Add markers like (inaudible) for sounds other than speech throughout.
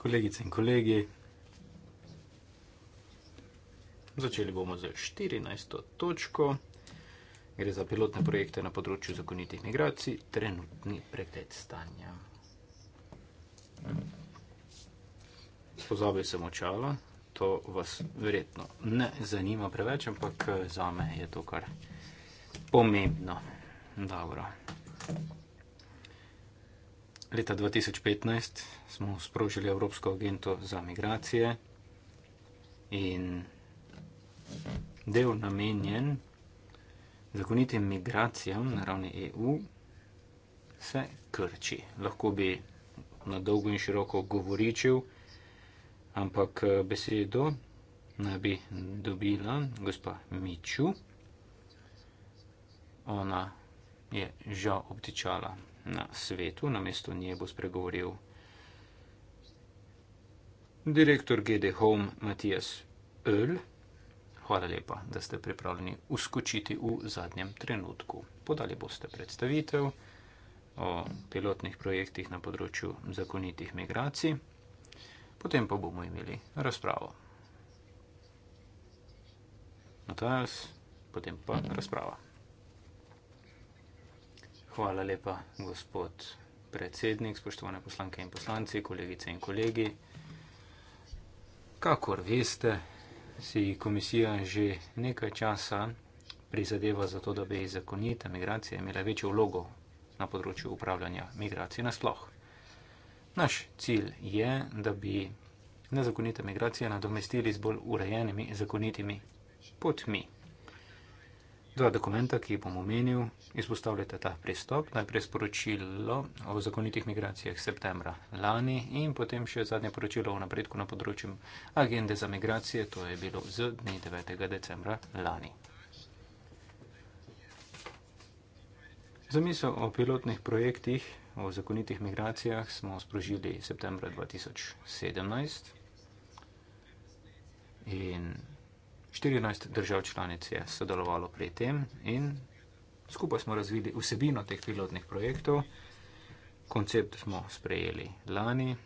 kolegice in kolegi. Začeli bomo z 14. točko. Gre za pilotne projekte na področju zakonitih migracij, trenutni pregled stanja. Pozabil sem očala, to vas verjetno ne zanima preveč, ampak eh, za me je to kar pomembno. Dobro. Leta 2015 smo sprožili Evropsko agento za migracije in del namenjen zakonitim migracijam na ravni EU se krči. Lahko bi na dolgo in široko govoričil, ampak eh, besedo naj bi dobila gospa Miču. Ona je žal obtičala na svetu, namesto nje bo spregovoril direktor GD Home Matijas Öl. Hvala lepa, da ste pripravljeni uskočiti v zadnjem trenutku. Podali boste predstavitev o pilotnih projektih na področju zakonitih migracij, potem pa bomo imeli razpravo. Matijas, potem pa razprava. Hvala lepa, gospod predsednik, spoštovane poslanke in poslanci, kolegice in kolegi. Kakor veste, si komisija že nekaj časa prizadeva za to, da bi zakonita migracija imela večjo vlogo na področju upravljanja migracije nasploh. Naš cilj je, da bi nezakonite migracije nadomestili z bolj urejenimi zakonitimi potmi. Dva dokumenta, ki bom omenil, izpostavljata ta pristop, najprej sporočilo o zakonitih migracijah septembra lani in potem še zadnje poročilo o napredku na področju agende za migracije, to je bilo z dne 9. decembra lani. Zamisel o pilotnih projektih o zakonitih migracijah smo sprožili septembra 2017 in 14 držav članic je sodelovalo pri tem in skupaj smo razvili vsebino teh pilotnih projektov. Koncept smo sprejeli lani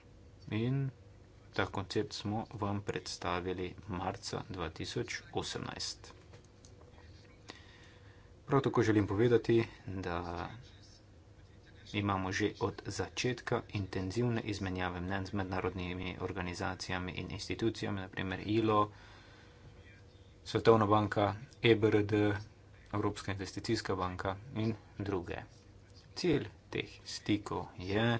in ta koncept smo vam predstavili marca 2018. Prav tako želim povedati, da imamo že od začetka intenzivne izmenjave mnen z mednarodnimi organizacijami in institucijami, naprimer ILO, Svetovna banka, EBRD, Evropska investicijska banka in druge. Cilj teh stikov je,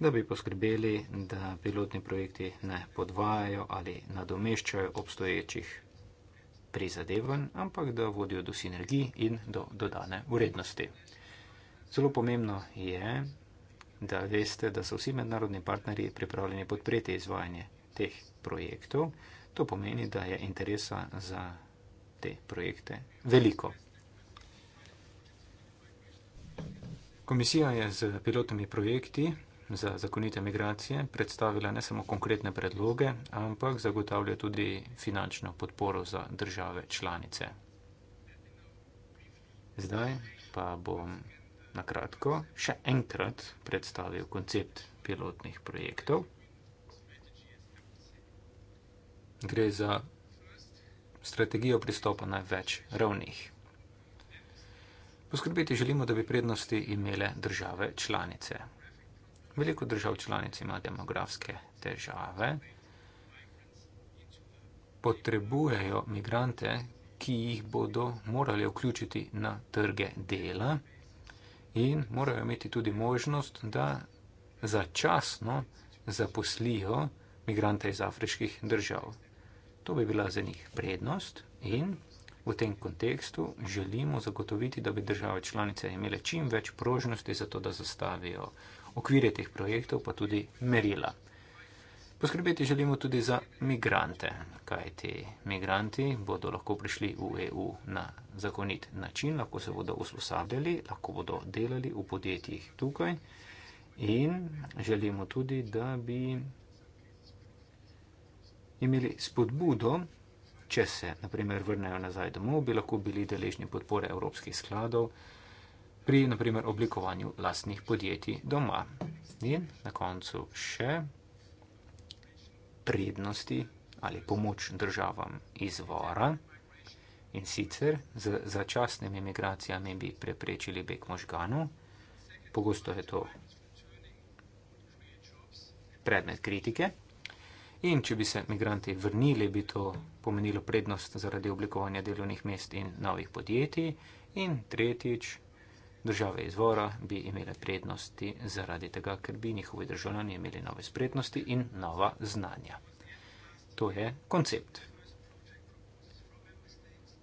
da bi poskrbeli, da pilotni projekti ne podvajajo ali nadomeščajo obstoječih prizadevanj, ampak da vodijo do sinergij in do dodane vrednosti. Zelo pomembno je, da veste, da so vsi mednarodni partnerji pripravljeni podpreti izvajanje teh projektov. To pomeni, da je interesa za te projekte veliko. Komisija je z pilotnimi projekti za zakonite migracije predstavila ne samo konkretne predloge, ampak zagotavlja tudi finančno podporo za države članice. Zdaj pa bom na kratko še enkrat predstavil koncept pilotnih projektov gre za strategijo pristopa na več ravnih. Poskrbeti želimo, da bi prednosti imele države članice. Veliko držav članic ima demografske težave, potrebujejo migrante, ki jih bodo morali vključiti na trge dela in morajo imeti tudi možnost, da začasno zaposlijo migrante iz afriških držav. To bi bila za njih prednost in v tem kontekstu želimo zagotoviti, da bi države članice imele čim več prožnosti za to, da zastavijo okvire teh projektov, pa tudi merila. Poskrbeti želimo tudi za migrante, kajti migranti bodo lahko prišli v EU na zakonit način, lahko se bodo usposabljali, lahko bodo delali v podjetjih tukaj in želimo tudi, da bi imeli spodbudo, če se naprimer vrnejo nazaj domov, bi lahko bili deležni podpore evropskih skladov pri naprimer oblikovanju lastnih podjetij doma. In na koncu še prednosti ali pomoč državam izvora. In sicer z začasnimi migracijami bi preprečili beg možganov. Pogosto je to predmet kritike. In če bi se migranti vrnili, bi to pomenilo prednost zaradi oblikovanja delovnih mest in novih podjetij. In tretjič, države izvora bi imele prednosti zaradi tega, ker bi njihovi državljani imeli nove spretnosti in nova znanja. To je koncept.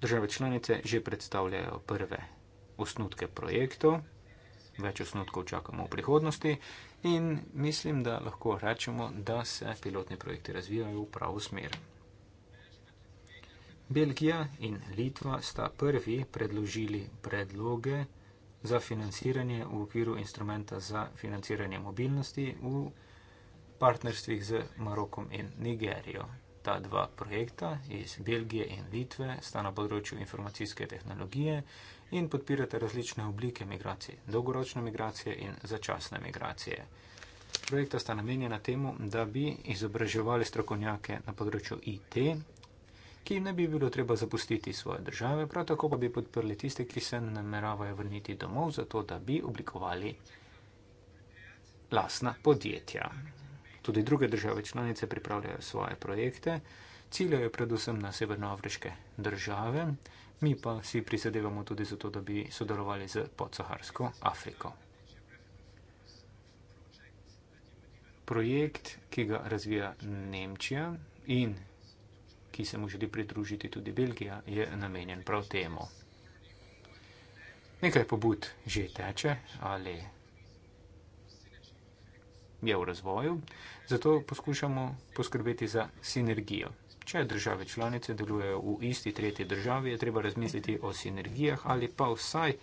Države članice že predstavljajo prve osnutke projektov, več osnutkov čakamo v prihodnosti In mislim, da lahko rečemo, da se pilotni projekti razvijajo v pravo smer. Belgija in Litva sta prvi predložili predloge za financiranje v okviru instrumenta za financiranje mobilnosti v partnerstvih z Marokom in Nigerijo. Ta dva projekta iz Belgije in Litve sta na področju informacijske tehnologije in podpirate različne oblike migracije, dolgoročne migracije in začasne migracije. Projekta sta namenjena temu, da bi izobraževali strokovnjake na področju IT, ki ne bi bilo treba zapustiti svoje države, prav tako pa bi podprli tiste, ki se nameravajo vrniti domov, zato da bi oblikovali lasna podjetja. Tudi druge države članice pripravljajo svoje projekte, ciljajo predvsem na severnoafriške države, mi pa si prizadevamo tudi za to, da bi sodelovali z podsaharsko Afriko. Projekt, ki ga razvija Nemčija in ki se mu želi pridružiti tudi Belgija, je namenjen prav temu. Nekaj pobud že teče ali je v razvoju, zato poskušamo poskrbeti za sinergijo. Če države članice delujejo v isti tretji državi, je treba razmisliti o sinergijah ali pa vsaj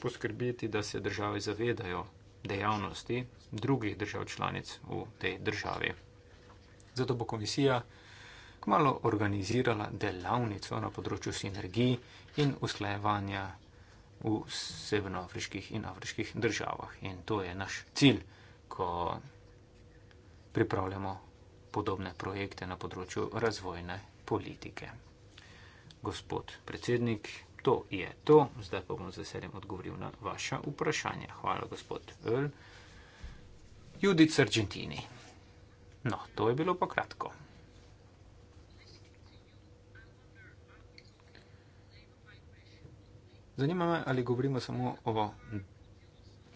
poskrbeti, da se države zavedajo dejavnosti drugih držav članic v tej državi. Zato bo komisija kmalo organizirala delavnico na področju sinergij in usklajevanja v severnoafriških in afriških državah. In to je naš cilj, ko pripravljamo podobne projekte na področju razvojne politike. Gospod predsednik, to je to. Zdaj pa bom z veseljem odgovoril na vaše vprašanje. Hvala, gospod Öl. Judic Argentini. No, to je bilo pa kratko. Zanima me, ali govorimo samo o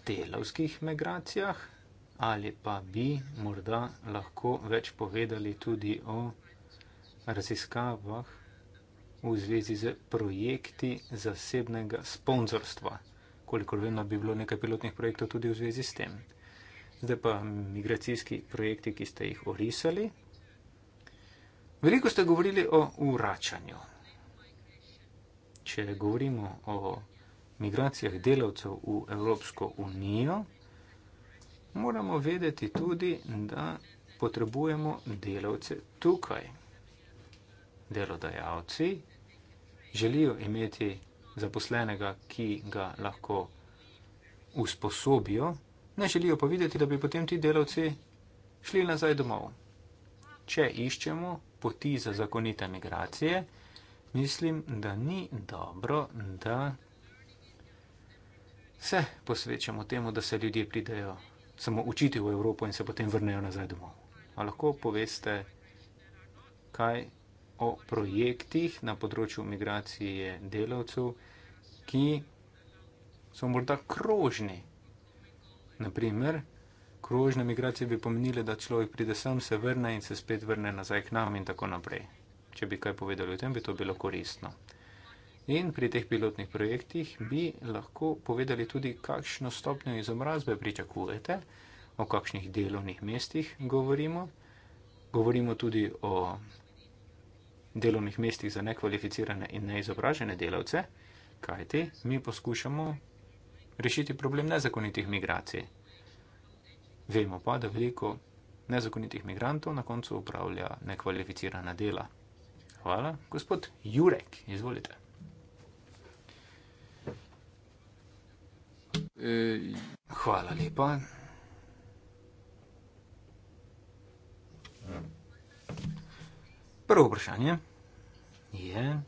delavskih migracijah, ali pa bi morda lahko več povedali tudi o raziskavah v zvezi z projekti zasebnega sponzorstva. Kolikor vem, bi bilo nekaj pilotnih projektov tudi v zvezi s tem. Zdaj pa migracijski projekti, ki ste jih orisali. Veliko ste govorili o uračanju. Če govorimo o migracijah delavcev v Evropsko unijo, moramo vedeti tudi, da potrebujemo delavce tukaj. Delodajalci želijo imeti zaposlenega, ki ga lahko usposobijo, ne želijo pa videti, da bi potem ti delavci šli nazaj domov. Če iščemo poti za zakonite migracije, mislim, da ni dobro, da se posvečamo temu, da se ljudje pridejo samo učiti v Evropo in se potem vrnejo nazaj domov. A lahko poveste, kaj o projektih na področju migracije delavcev, ki so morda krožni. Naprimer, krožne migracije bi pomenile, da človek pride sem, se vrne in se spet vrne nazaj k nam in tako naprej. Če bi kaj povedali o tem, bi to bilo koristno. In pri teh pilotnih projektih bi lahko povedali tudi, kakšno stopnjo izobrazbe pričakujete, o kakšnih delovnih mestih govorimo. Govorimo tudi o delovnih mestih za nekvalificirane in neizobražene delavce, kajti mi poskušamo rešiti problem nezakonitih migracij. Vemo pa, da veliko nezakonitih migrantov na koncu upravlja nekvalificirana dela. Hvala, gospod Jurek, izvolite. Hvala lepa. Prvo vprašanje je.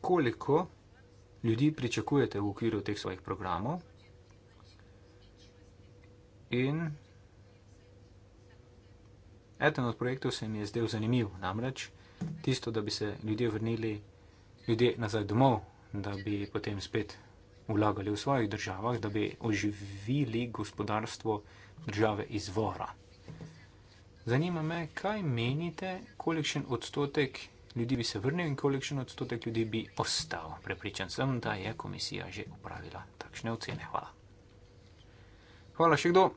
Koliko ljudi pričakujete v okviru teh svojih programov? In eden od projektov se mi je zdel zanimiv, namreč tisto, da bi se ljudje vrnili ljudje nazaj domov, da bi potem spet vlagali v svojih državah, da bi oživili gospodarstvo države izvora. Zanima me, kaj menite, kolikšen odstotek ljudi bi se vrnil in kolikšen odstotek ljudi bi ostal. Prepričan sem, da je komisija že upravila takšne ocene. Hvala. Hvala še kdo.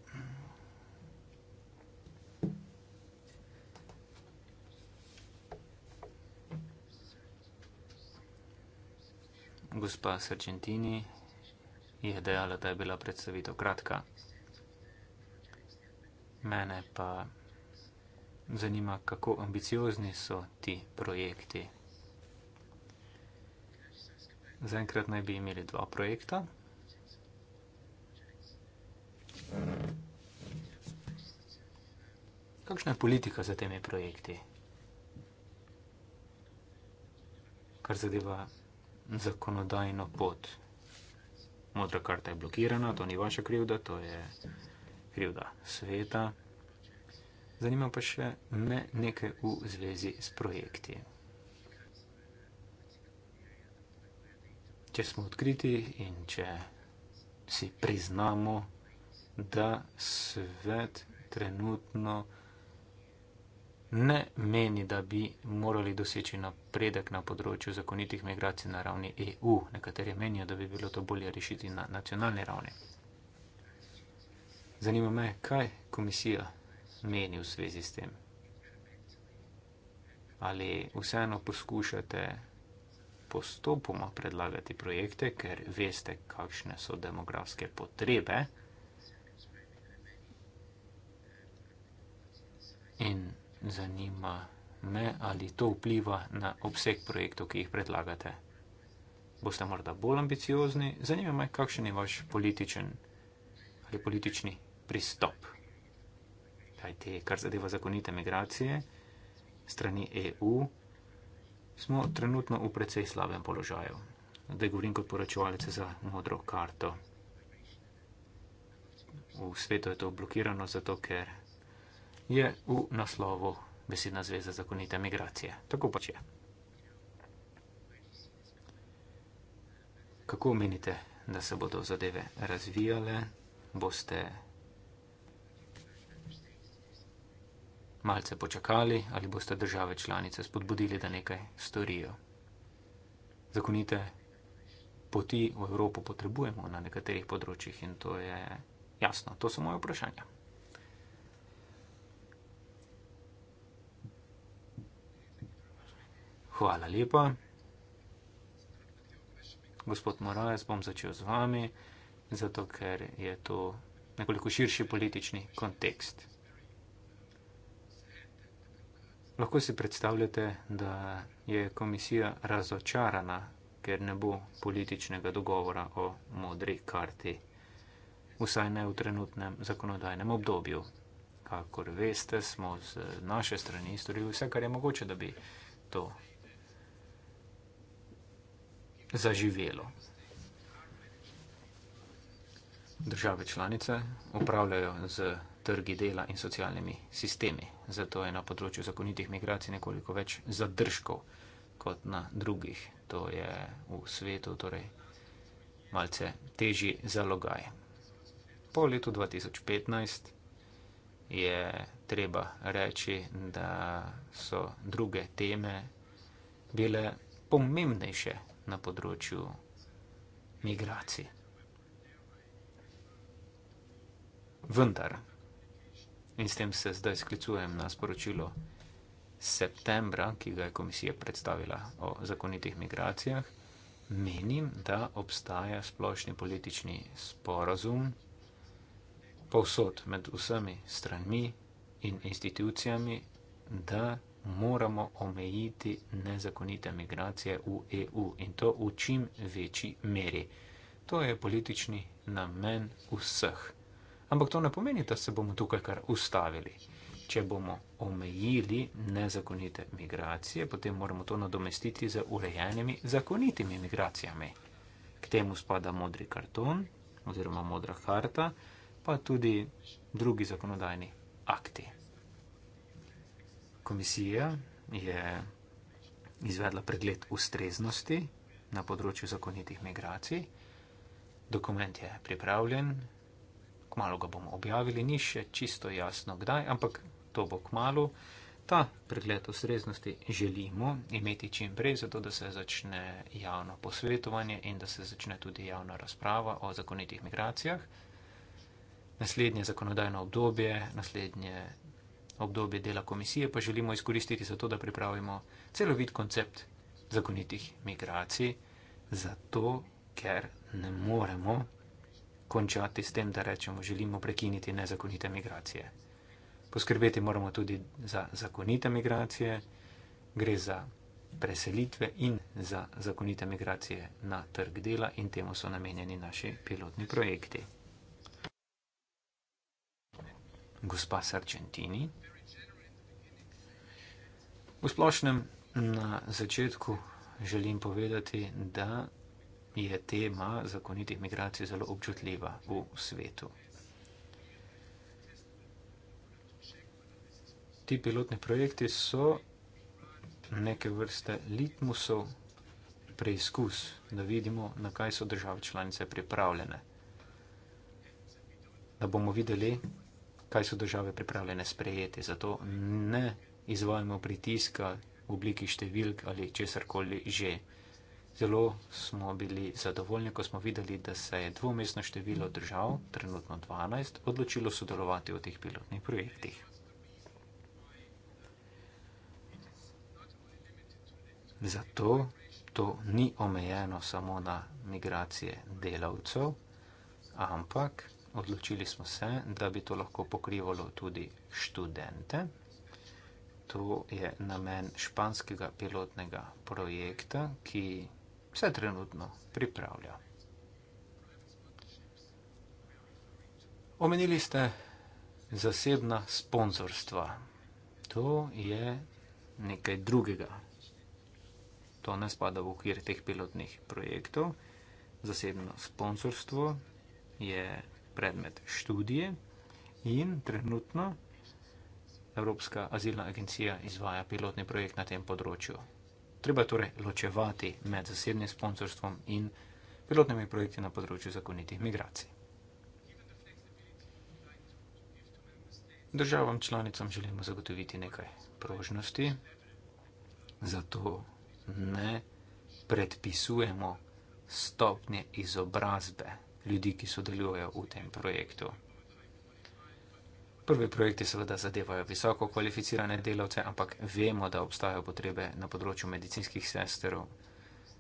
gospa Sargentini je dejala, da je bila predstavitev kratka. Mene pa zanima, kako ambiciozni so ti projekti. Zaenkrat naj bi imeli dva projekta. Kakšna je politika za temi projekti? Kar zadeva zakonodajno pot. Modra karta je blokirana, to ni vaša krivda, to je krivda sveta. Zanima pa še me nekaj v zvezi s projekti. Če smo odkriti in če si priznamo, da svet trenutno ne meni, da bi morali doseči napredek na področju zakonitih migracij na ravni EU. Nekateri menijo, da bi bilo to bolje rešiti na nacionalni ravni. Zanima me, kaj komisija meni v zvezi s tem. Ali vseeno poskušate postopoma predlagati projekte, ker veste, kakšne so demografske potrebe. In zanima me, ali to vpliva na obseg projektov, ki jih predlagate. Boste morda bolj ambiciozni, zanima me, kakšen je vaš političen ali politični pristop. Kaj te, kar zadeva zakonite migracije, strani EU, smo trenutno v precej slabem položaju. Zdaj govorim kot poročevalec za modro karto. V svetu je to blokirano, zato ker je v naslovu besedna zveza zakonite migracije. Tako pač je. Kako menite, da se bodo zadeve razvijale? Boste malce počakali ali boste države članice spodbudili, da nekaj storijo? Zakonite poti v Evropo potrebujemo na nekaterih področjih in to je jasno. To so moje vprašanja. Hvala lepa. Gospod Morales, bom začel z vami, zato ker je to nekoliko širši politični kontekst. Lahko si predstavljate, da je komisija razočarana, ker ne bo političnega dogovora o modri karti, vsaj ne v trenutnem zakonodajnem obdobju. Kakor veste, smo z naše strani storili vse, kar je mogoče, da bi to zaživelo. Države članice upravljajo z trgi dela in socialnimi sistemi, zato je na področju zakonitih migracij nekoliko več zadržkov kot na drugih. To je v svetu torej malce težji zalogaj. Po letu 2015 je treba reči, da so druge teme bile pomembnejše na področju migracij. Vendar, in s tem se zdaj sklicujem na sporočilo septembra, ki ga je komisija predstavila o zakonitih migracijah, menim, da obstaja splošni politični sporazum povsod med vsemi stranmi in institucijami, da moramo omejiti nezakonite migracije v EU in to v čim večji meri. To je politični namen vseh. Ampak to ne pomeni, da se bomo tukaj kar ustavili. Če bomo omejili nezakonite migracije, potem moramo to nadomestiti z urejenimi zakonitimi migracijami. K temu spada modri karton oziroma modra karta, pa tudi drugi zakonodajni akti komisija je izvedla pregled ustreznosti na področju zakonitih migracij. Dokument je pripravljen, kmalo ga bomo objavili, ni še čisto jasno kdaj, ampak to bo kmalo. Ta pregled ustreznosti želimo imeti čim prej, zato da se začne javno posvetovanje in da se začne tudi javna razprava o zakonitih migracijah. Naslednje zakonodajno obdobje, naslednje obdobje dela komisije, pa želimo izkoristiti za to, da pripravimo celovit koncept zakonitih migracij, zato ker ne moremo končati s tem, da rečemo, želimo prekiniti nezakonite migracije. Poskrbeti moramo tudi za zakonite migracije, gre za preselitve in za zakonite migracije na trg dela in temu so namenjeni naši pilotni projekti gospa Sarčentini. V splošnem na začetku želim povedati, da je tema zakonitih migracij zelo občutljiva v svetu. Ti pilotni projekti so neke vrste litmusov, preizkus, da vidimo, na kaj so države članice pripravljene. Da bomo videli, kaj so države pripravljene sprejeti. Zato ne izvajamo pritiska v obliki številk ali česar koli že. Zelo smo bili zadovoljni, ko smo videli, da se je dvomestno število držav, trenutno 12, odločilo sodelovati v teh pilotnih projektih. Zato to ni omejeno samo na migracije delavcev, ampak odločili smo se, da bi to lahko pokrivalo tudi študente. To je namen španskega pilotnega projekta, ki se trenutno pripravlja. Omenili ste zasebna sponzorstva. To je nekaj drugega. To ne spada v okvir teh pilotnih projektov. Zasebno sponzorstvo je predmet študije in trenutno Evropska azilna agencija izvaja pilotni projekt na tem področju. Treba torej ločevati med zasebnim sponsorstvom in pilotnimi projekti na področju zakonitih migracij. Državam članicam želimo zagotoviti nekaj prožnosti, zato ne predpisujemo stopnje izobrazbe ljudi, ki sodelujejo v tem projektu. Prvi projekti seveda zadevajo visoko kvalificirane delavce, ampak vemo, da obstajajo potrebe na področju medicinskih sesterov,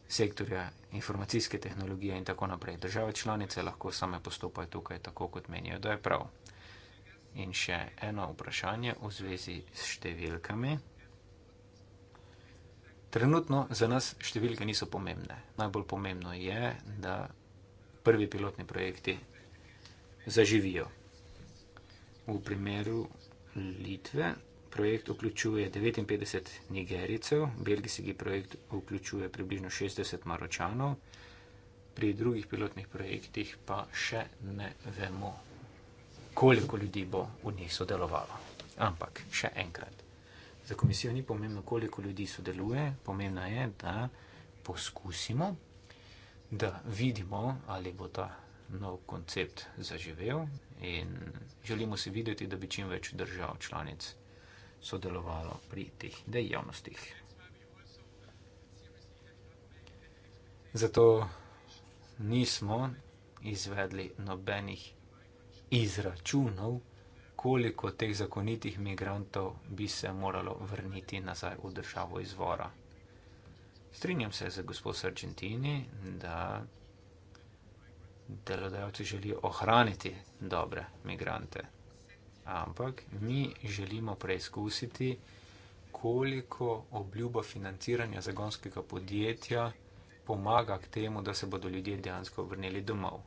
sektorja informacijske tehnologije in tako naprej. Države članice lahko same postopajo tukaj tako, kot menijo, da je prav. In še eno vprašanje v zvezi s številkami. Trenutno za nas številke niso pomembne. Najbolj pomembno je, da prvi pilotni projekti zaživijo. V primeru Litve projekt vključuje 59 Nigericev, belgijski projekt vključuje približno 60 Maročanov, pri drugih pilotnih projektih pa še ne vemo, koliko ljudi bo v njih sodelovalo. Ampak še enkrat, za komisijo ni pomembno, koliko ljudi sodeluje, pomembno je, da poskusimo da vidimo, ali bo ta nov koncept zaživel in želimo si videti, da bi čim več držav članic sodelovalo pri teh dejavnostih. Zato nismo izvedli nobenih izračunov, koliko teh zakonitih migrantov bi se moralo vrniti nazaj v državo izvora. Strinjam se z gospod Sargentini, da delodajalci želijo ohraniti dobre migrante. Ampak mi želimo preizkusiti, koliko obljuba financiranja zagonskega podjetja pomaga k temu, da se bodo ljudje dejansko vrnili domov.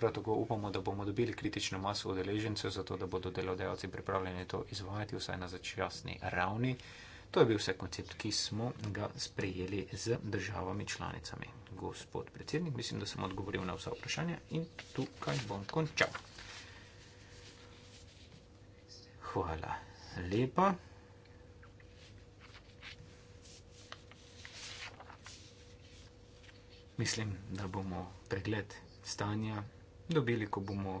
Prav tako upamo, da bomo dobili kritično maso odeležencev, zato da bodo delodajalci pripravljeni to izvajati vsaj na začasni ravni. To je bil vse koncept, ki smo ga sprejeli z državami članicami. Gospod predsednik, mislim, da sem odgovoril na vsa vprašanja in tukaj bom končal. Hvala lepa. Mislim, da bomo pregled stanja dobili, ko bomo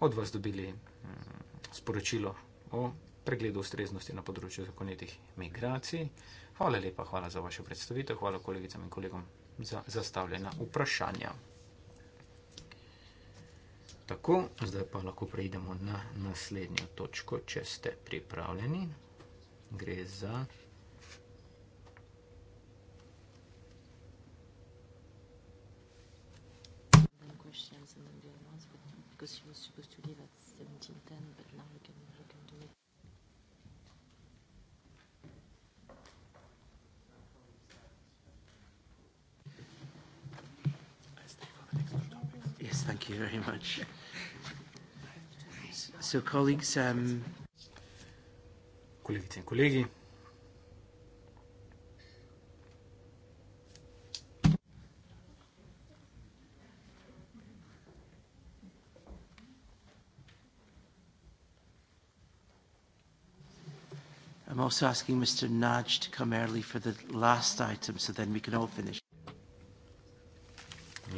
od vas dobili mm, sporočilo o pregledu ustreznosti na področju zakonitih migracij. Hvala lepa, hvala za vašo predstavitev, hvala kolegicam in kolegom za zastavljena vprašanja. Tako, zdaj pa lahko preidemo na naslednjo točko, če ste pripravljeni. Gre za Thank you very much. So, colleagues, um, colleagues and colleagues. I'm also asking Mr. Naj to come early for the last item so then we can all finish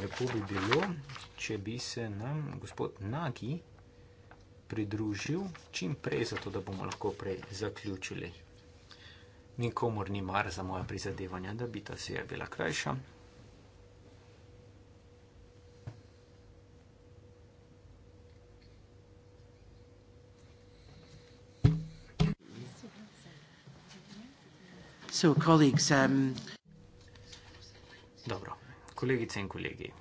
lepo bi bilo, če bi se nam gospod Nagi pridružil čim prej, zato da bomo lahko prej zaključili. Nikomor ni mar za moja prizadevanja, da bi ta seja bila krajša. So, colleagues, um kolegice in kolegi.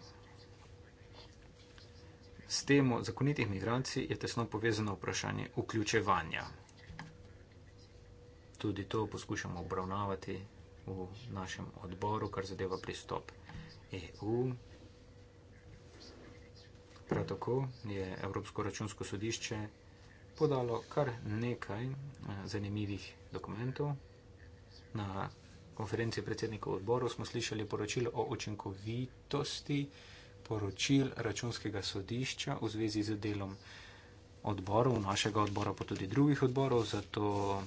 S temo zakonitih migranci je tesno povezano vprašanje vključevanja. Tudi to poskušamo obravnavati v našem odboru, kar zadeva pristop EU. Prav tako je Evropsko računsko sodišče podalo kar nekaj eh, zanimivih dokumentov na konferenci predsednikov odborov smo slišali poročilo o učinkovitosti poročil računskega sodišča v zvezi z delom odborov, našega odbora, pa tudi drugih odborov. Zato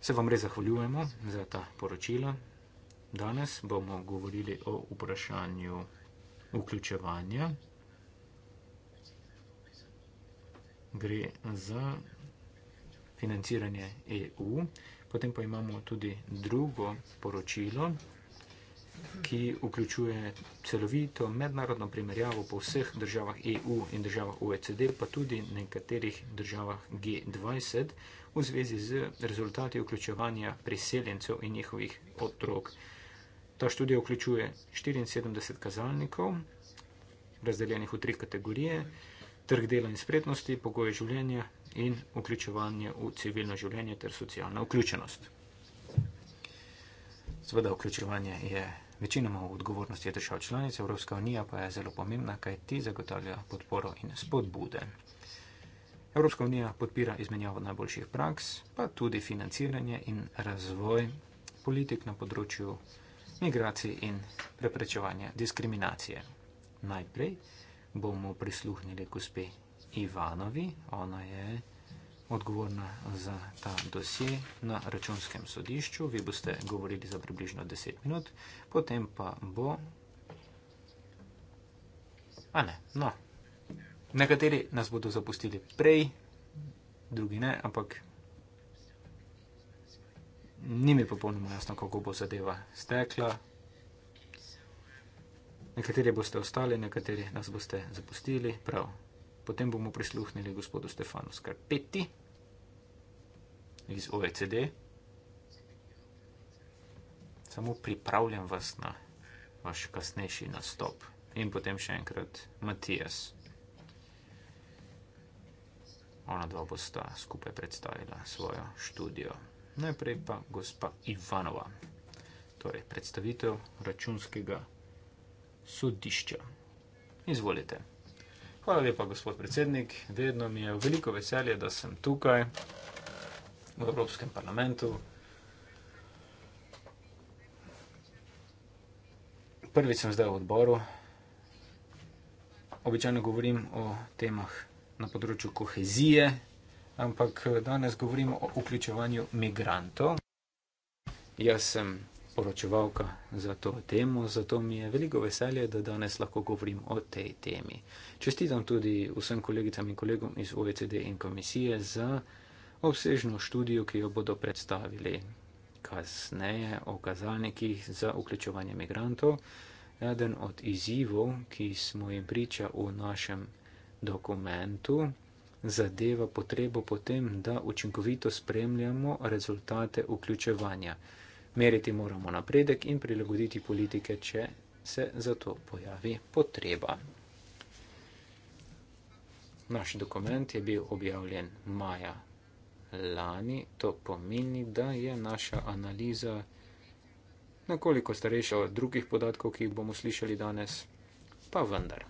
se vam res zahvaljujemo za ta poročila. Danes bomo govorili o vprašanju vključevanja. Gre za financiranje EU. Potem pa imamo tudi drugo poročilo, ki vključuje celovito mednarodno primerjavo po vseh državah EU in državah OECD, pa tudi nekaterih državah G20 v zvezi z rezultati vključevanja priseljencev in njihovih otrok. Ta študija vključuje 74 kazalnikov, razdeljenih v tri kategorije, trg dela in spretnosti, pogoje življenja, in vključevanje v civilno življenje ter socialna vključenost. Sveda vključevanje je večinoma v odgovornosti držav članic, Evropska unija pa je zelo pomembna, kaj ti zagotavlja podporo in spodbude. Evropska unija podpira izmenjavo najboljših praks, pa tudi financiranje in razvoj politik na področju migracij in preprečevanja diskriminacije. Najprej bomo prisluhnili gospe Ivanovi, ona je odgovorna za ta dosje na računskem sodišču. Vi boste govorili za približno 10 minut, potem pa bo. A ne, no. Nekateri nas bodo zapustili prej, drugi ne, ampak ni mi popolnoma jasno, kako bo zadeva stekla. Nekateri boste ostali, nekateri nas boste zapustili. Prav. Potem bomo prisluhnili gospodu Stefanu Skarpeti iz OECD. Samo pripravljam vas na vaš kasnejši nastop. In potem še enkrat Matijas. Ona dva bosta skupaj predstavila svojo študijo. Najprej pa gospa Ivanova. Torej, predstavitev računskega sodišča. Izvolite. Hvala lepa, gospod predsednik. Vedno mi je veliko veselje, da sem tukaj v Evropskem parlamentu. Prvič sem zdaj v odboru. Običajno govorim o temah na področju kohezije, ampak danes govorim o vključevanju migrantov. Jaz sem poročevalka za to temo, zato mi je veliko veselje, da danes lahko govorim o tej temi. Čestitam tudi vsem kolegicam in kolegom iz OECD in komisije za obsežno študijo, ki jo bodo predstavili kasneje o kazalnikih za vključevanje migrantov, eden od izzivov, ki smo jim priča v našem dokumentu. Zadeva potrebo potem, da učinkovito spremljamo rezultate vključevanja. Meriti moramo napredek in prilagoditi politike, če se za to pojavi potreba. Naš dokument je bil objavljen maja lani. To pomeni, da je naša analiza nekoliko starejša od drugih podatkov, ki jih bomo slišali danes, pa vendar.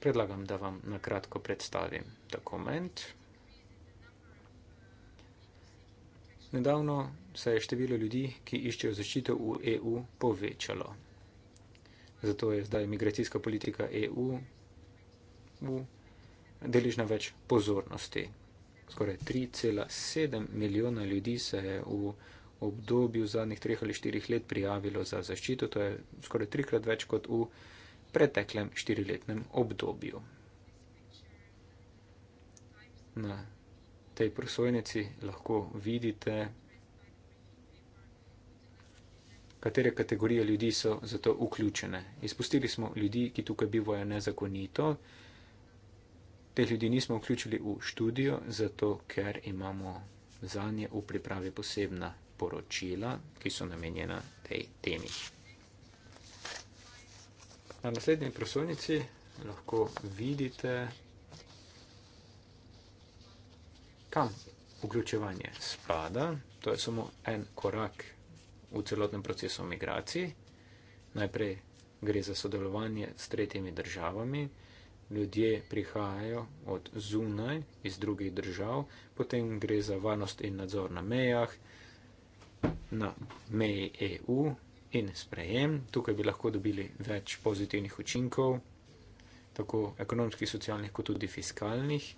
Predlagam, da vam na kratko predstavim dokument. Nedavno se je število ljudi, ki iščejo zaščito v EU, povečalo. Zato je zdaj migracijska politika EU deležna več pozornosti. Skoraj 3,7 milijona ljudi se je v obdobju zadnjih treh ali štirih let prijavilo za zaščito. To je skoraj trikrat več kot v preteklem štiriletnem obdobju. Na tej prosojnici lahko vidite katere kategorije ljudi so za to vključene. Izpustili smo ljudi, ki tukaj bivajo nezakonito. Teh ljudi nismo vključili v študijo, zato ker imamo za nje v pripravi posebna poročila, ki so namenjena tej temi. Na naslednji prosovnici lahko vidite, kam vključevanje spada. To je samo en korak v celotnem procesu migracij. Najprej gre za sodelovanje s tretjimi državami, ljudje prihajajo od zunaj, iz drugih držav, potem gre za varnost in nadzor na mejah, na meji EU in sprejem. Tukaj bi lahko dobili več pozitivnih učinkov, tako ekonomskih, socialnih, kot tudi fiskalnih,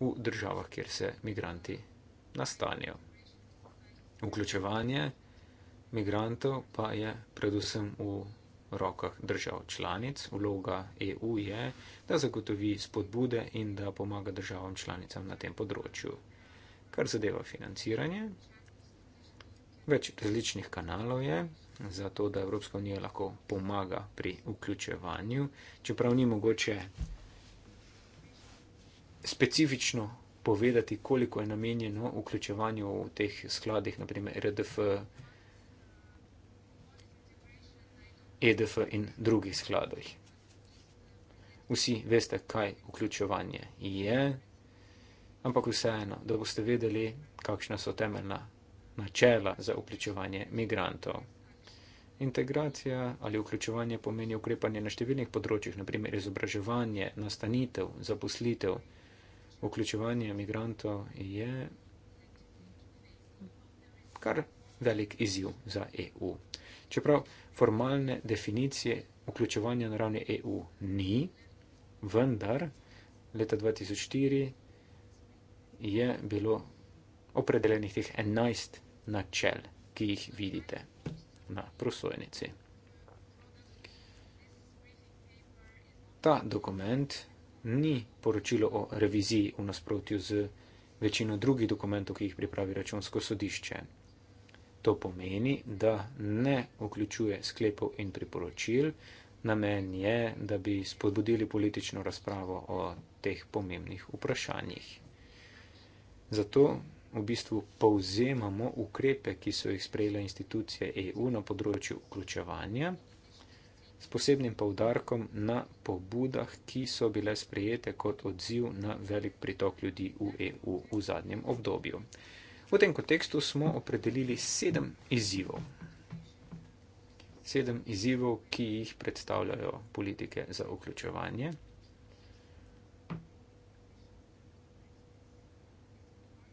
v državah, kjer se migranti nastanijo. Vključevanje migrantov pa je predvsem v rokah držav članic. Vloga EU je, da zagotovi spodbude in da pomaga državam članicam na tem področju. Kar zadeva financiranje, več različnih kanalov je za to, da Evropska unija lahko pomaga pri vključevanju, čeprav ni mogoče specifično povedati, koliko je namenjeno vključevanju v teh skladih, naprimer RDF, EDF in drugih skladov. Vsi veste, kaj vključevanje je, ampak vseeno, da boste vedeli, kakšna so temeljna načela za vključevanje migrantov. Integracija ali vključevanje pomeni ukrepanje na številnih področjih, naprimer izobraževanje, nastanitev, zaposlitev. Vključevanje migrantov je kar velik izziv za EU. Čeprav formalne definicije vključevanja na ravni EU ni, vendar leta 2004 je bilo opredeljenih teh 11 načel, ki jih vidite na prosojnici. Ta dokument ni poročilo o reviziji v nasprotju z večino drugih dokumentov, ki jih pripravi računsko sodišče. To pomeni, da ne vključuje sklepov in priporočil. Namen je, da bi spodbudili politično razpravo o teh pomembnih vprašanjih. Zato v bistvu povzemamo ukrepe, ki so jih sprejele institucije EU na področju vključevanja, s posebnim povdarkom na pobudah, ki so bile sprejete kot odziv na velik pritok ljudi v EU v zadnjem obdobju. V tem kontekstu smo opredelili sedem izzivov. Sedem izzivov, ki jih predstavljajo politike za vključevanje.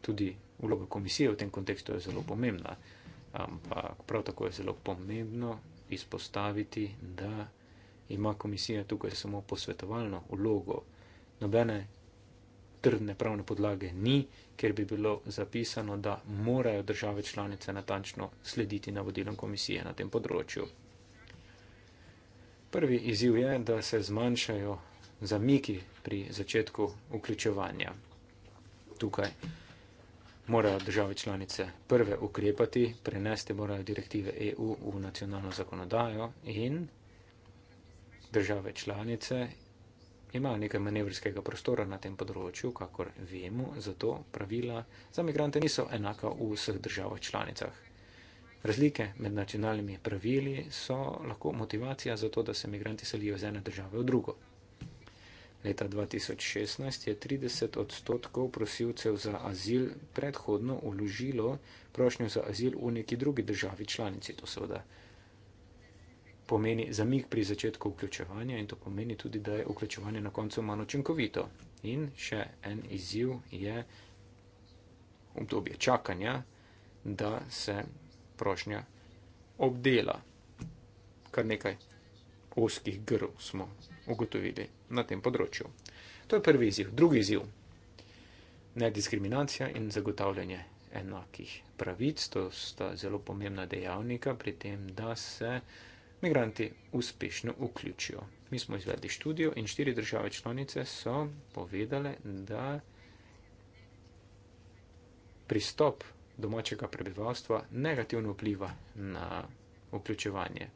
Tudi vloga komisije v tem kontekstu je zelo pomembna, ampak prav tako je zelo pomembno izpostaviti, da ima komisija tukaj samo posvetovalno vlogo. Nobene trdne pravne podlage ni, ker bi bilo zapisano, da morajo države članice natančno slediti navodilom komisije na tem področju. Prvi izziv je, da se zmanjšajo zamiki pri začetku vključevanja. Tukaj morajo države članice prve ukrepati, prenesti morajo direktive EU v nacionalno zakonodajo in države članice imajo nekaj manevrskega prostora na tem področju, kakor vemo, zato pravila za migrante niso enaka v vseh državah članicah. Razlike med nacionalnimi pravili so lahko motivacija za to, da se migranti selijo iz ene države v drugo. Leta 2016 je 30 odstotkov prosilcev za azil predhodno uložilo prošnjo za azil v neki drugi državi članici, to seveda pomeni zamik pri začetku vključevanja in to pomeni tudi, da je vključevanje na koncu manj učinkovito. In še en izziv je obdobje čakanja, da se prošnja obdela. Kar nekaj oskih grl smo ugotovili na tem področju. To je prvi izziv. Drugi izziv. Nediskriminacija in zagotavljanje enakih pravic, to sta zelo pomembna dejavnika pri tem, da se migranti uspešno vključijo. Mi smo izvedli študijo in štiri države članice so povedale, da pristop domačega prebivalstva negativno vpliva na vključevanje.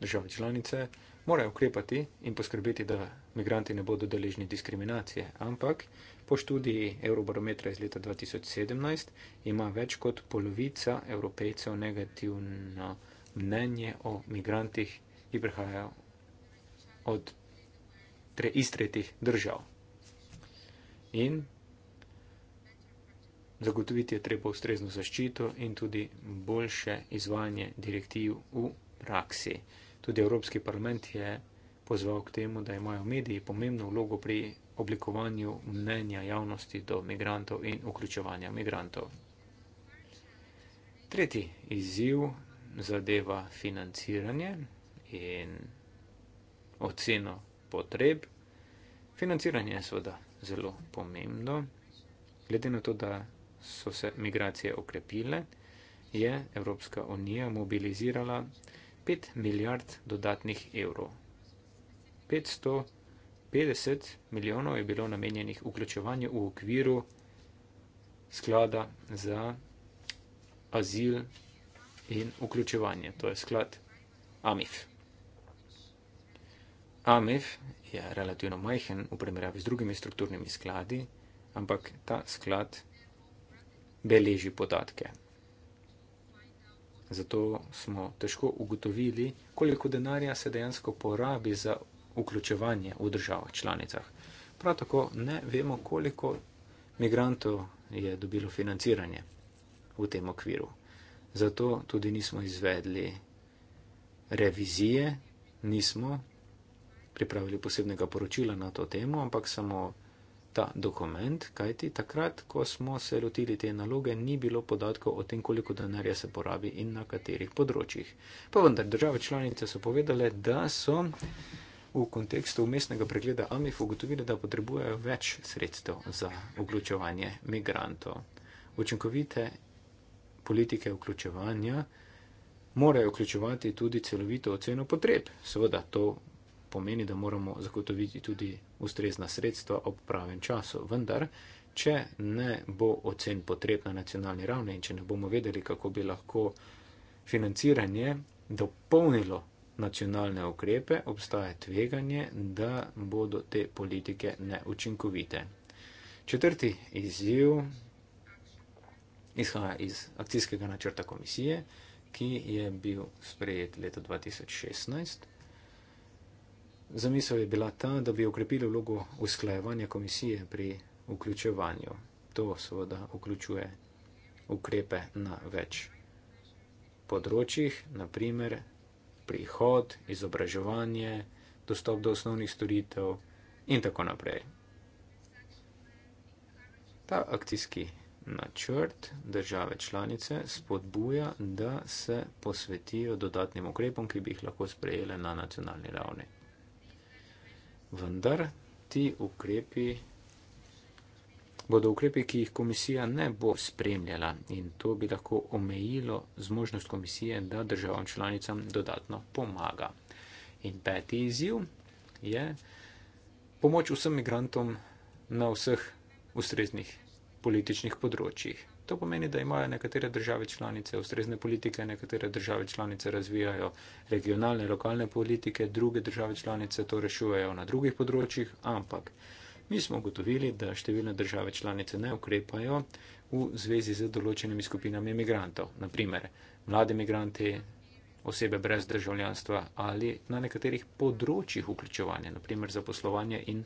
Države članice morajo ukrepati in poskrbeti, da migranti ne bodo deležni diskriminacije, ampak po študiji Eurobarometra iz leta 2017 ima več kot polovica evropejcev negativno vplivanje mnenje o migrantih, ki prihajajo od tre, iz tretjih držav. In zagotoviti je treba ustrezno zaščito in tudi boljše izvajanje direktiv v praksi. Tudi Evropski parlament je pozval k temu, da imajo mediji pomembno vlogo pri oblikovanju mnenja javnosti do migrantov in vključevanja migrantov. Tretji izziv zadeva financiranje in oceno potreb. Financiranje je seveda zelo pomembno. Glede na to, da so se migracije okrepile, je Evropska unija mobilizirala 5 milijard dodatnih evrov. 550 milijonov je bilo namenjenih vključevanju v okviru sklada za azil in vključevanje. To je sklad AMIF. AMIF je relativno majhen v primerjavi z drugimi strukturnimi skladi, ampak ta sklad beleži podatke. Zato smo težko ugotovili, koliko denarja se dejansko porabi za vključevanje v državah članicah. Prav tako ne vemo, koliko migrantov je dobilo financiranje v tem okviru. Zato tudi nismo izvedli revizije, nismo pripravili posebnega poročila na to temo, ampak samo ta dokument, kajti takrat, ko smo se lotili te naloge, ni bilo podatkov o tem, koliko denarja se porabi in na katerih področjih. Pa vendar, države članice so povedale, da so v kontekstu umestnega pregleda AMIF ugotovili, da potrebujejo več sredstev za vključevanje migrantov. Učinkovite politike vključevanja morajo vključevati tudi celovito oceno potreb. Seveda to pomeni, da moramo zagotoviti tudi ustrezna sredstva ob pravem času. Vendar, če ne bo ocen potreb na nacionalni ravni in če ne bomo vedeli, kako bi lahko financiranje dopolnilo nacionalne ukrepe, obstaja tveganje, da bodo te politike neučinkovite. Četrti izziv izhaja iz akcijskega načrta komisije, ki je bil sprejet leta 2016. Zamisel je bila ta, da bi okrepili vlogo usklajevanja komisije pri vključevanju. To seveda vključuje ukrepe na več področjih, naprimer prihod, izobraževanje, dostop do osnovnih storitev in tako naprej. Ta akcijski načrt države članice spodbuja, da se posvetijo dodatnim ukrepom, ki bi jih lahko sprejele na nacionalni ravni. Vendar ti ukrepi bodo ukrepi, ki jih komisija ne bo spremljala in to bi lahko omejilo zmožnost komisije, da državam članicam dodatno pomaga. In peti izziv je pomoč vsem migrantom na vseh ustreznih političnih področjih. To pomeni, da imajo nekatere države članice ustrezne politike, nekatere države članice razvijajo regionalne, lokalne politike, druge države članice to rešujejo na drugih področjih, ampak mi smo ugotovili, da številne države članice ne ukrepajo v zvezi z določenimi skupinami imigrantov, naprimer mladi imigranti, osebe brez državljanstva ali na nekaterih področjih vključevanja, naprimer zaposlovanje in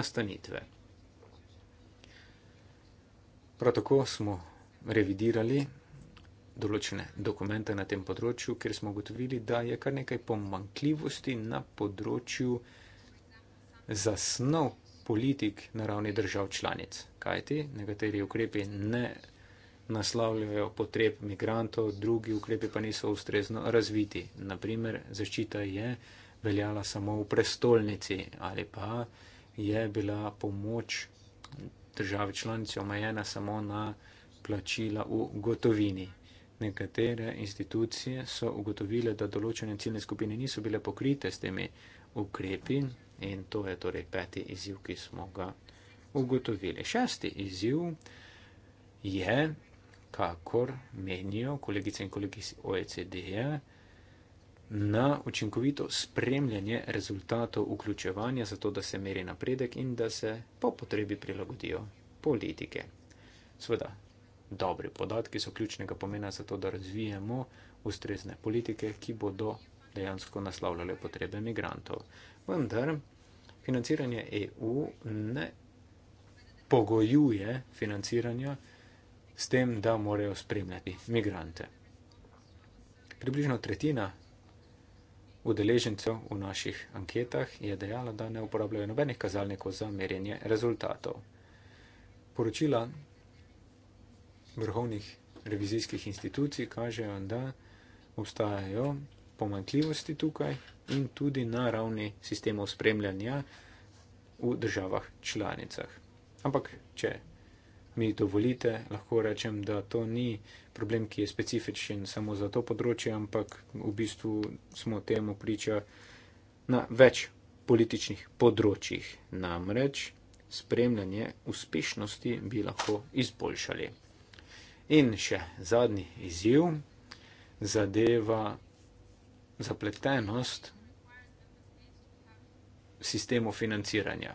nastanitve. Prav tako smo revidirali določene dokumente na tem področju, ker smo ugotovili, da je kar nekaj pomankljivosti na področju zasnov politik na ravni držav članic. Kajti, nekateri ukrepi ne naslavljajo potreb migrantov, drugi ukrepi pa niso ustrezno razviti. Naprimer, zaščita je veljala samo v prestolnici ali pa je bila pomoč države članice omejena samo na plačila v gotovini. Nekatere institucije so ugotovile, da določene ciljne skupine niso bile pokrite s temi ukrepi in to je torej peti izziv, ki smo ga ugotovili. Šesti izziv je, kakor menijo kolegice in kolegi OECD-ja, na učinkovito spremljanje rezultatov vključevanja, zato da se meri napredek in da se po potrebi prilagodijo politike. Sveda, dobri podatki so ključnega pomena za to, da razvijemo ustrezne politike, ki bodo dejansko naslavljale potrebe migrantov. Vendar, financiranje EU ne pogojuje financiranja s tem, da morajo spremljati migrante. Približno tretjina udeležencev v naših anketah je dejala, da ne uporabljajo nobenih kazalnikov za merjenje rezultatov. Poročila vrhovnih revizijskih institucij kažejo, da obstajajo pomankljivosti tukaj in tudi na ravni sistemov spremljanja v državah članicah. Ampak, če mi dovolite, lahko rečem, da to ni problem, ki je specifičen samo za to področje, ampak v bistvu smo temu priča na več političnih področjih. Namreč spremljanje uspešnosti bi lahko izboljšali. In še zadnji izziv zadeva zapletenost sistemu financiranja.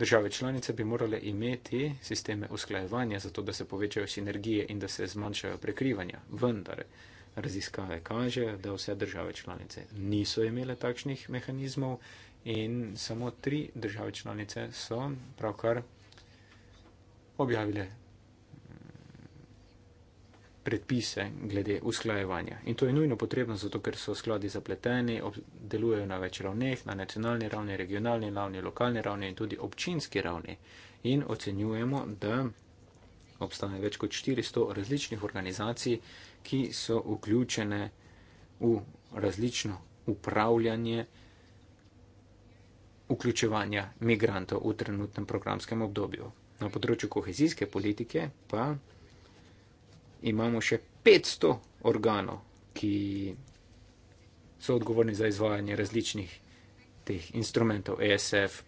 Države članice bi morale imeti sisteme usklajevanja, zato da se povečajo sinergije in da se zmanjšajo prekrivanja. Vendar raziskave kažejo, da vse države članice niso imele takšnih mehanizmov in samo tri države članice so pravkar objavile predpise glede usklajevanja. In to je nujno potrebno, zato ker so skladi zapleteni, delujejo na več ravneh, na nacionalni ravni, regionalni ravni, lokalni ravni in tudi občinski ravni. In ocenjujemo, da obstane več kot 400 različnih organizacij, ki so vključene v različno upravljanje vključevanja migrantov v trenutnem programskem obdobju. Na področju kohezijske politike pa imamo še 500 organov, ki so odgovorni za izvajanje različnih teh instrumentov, ESF,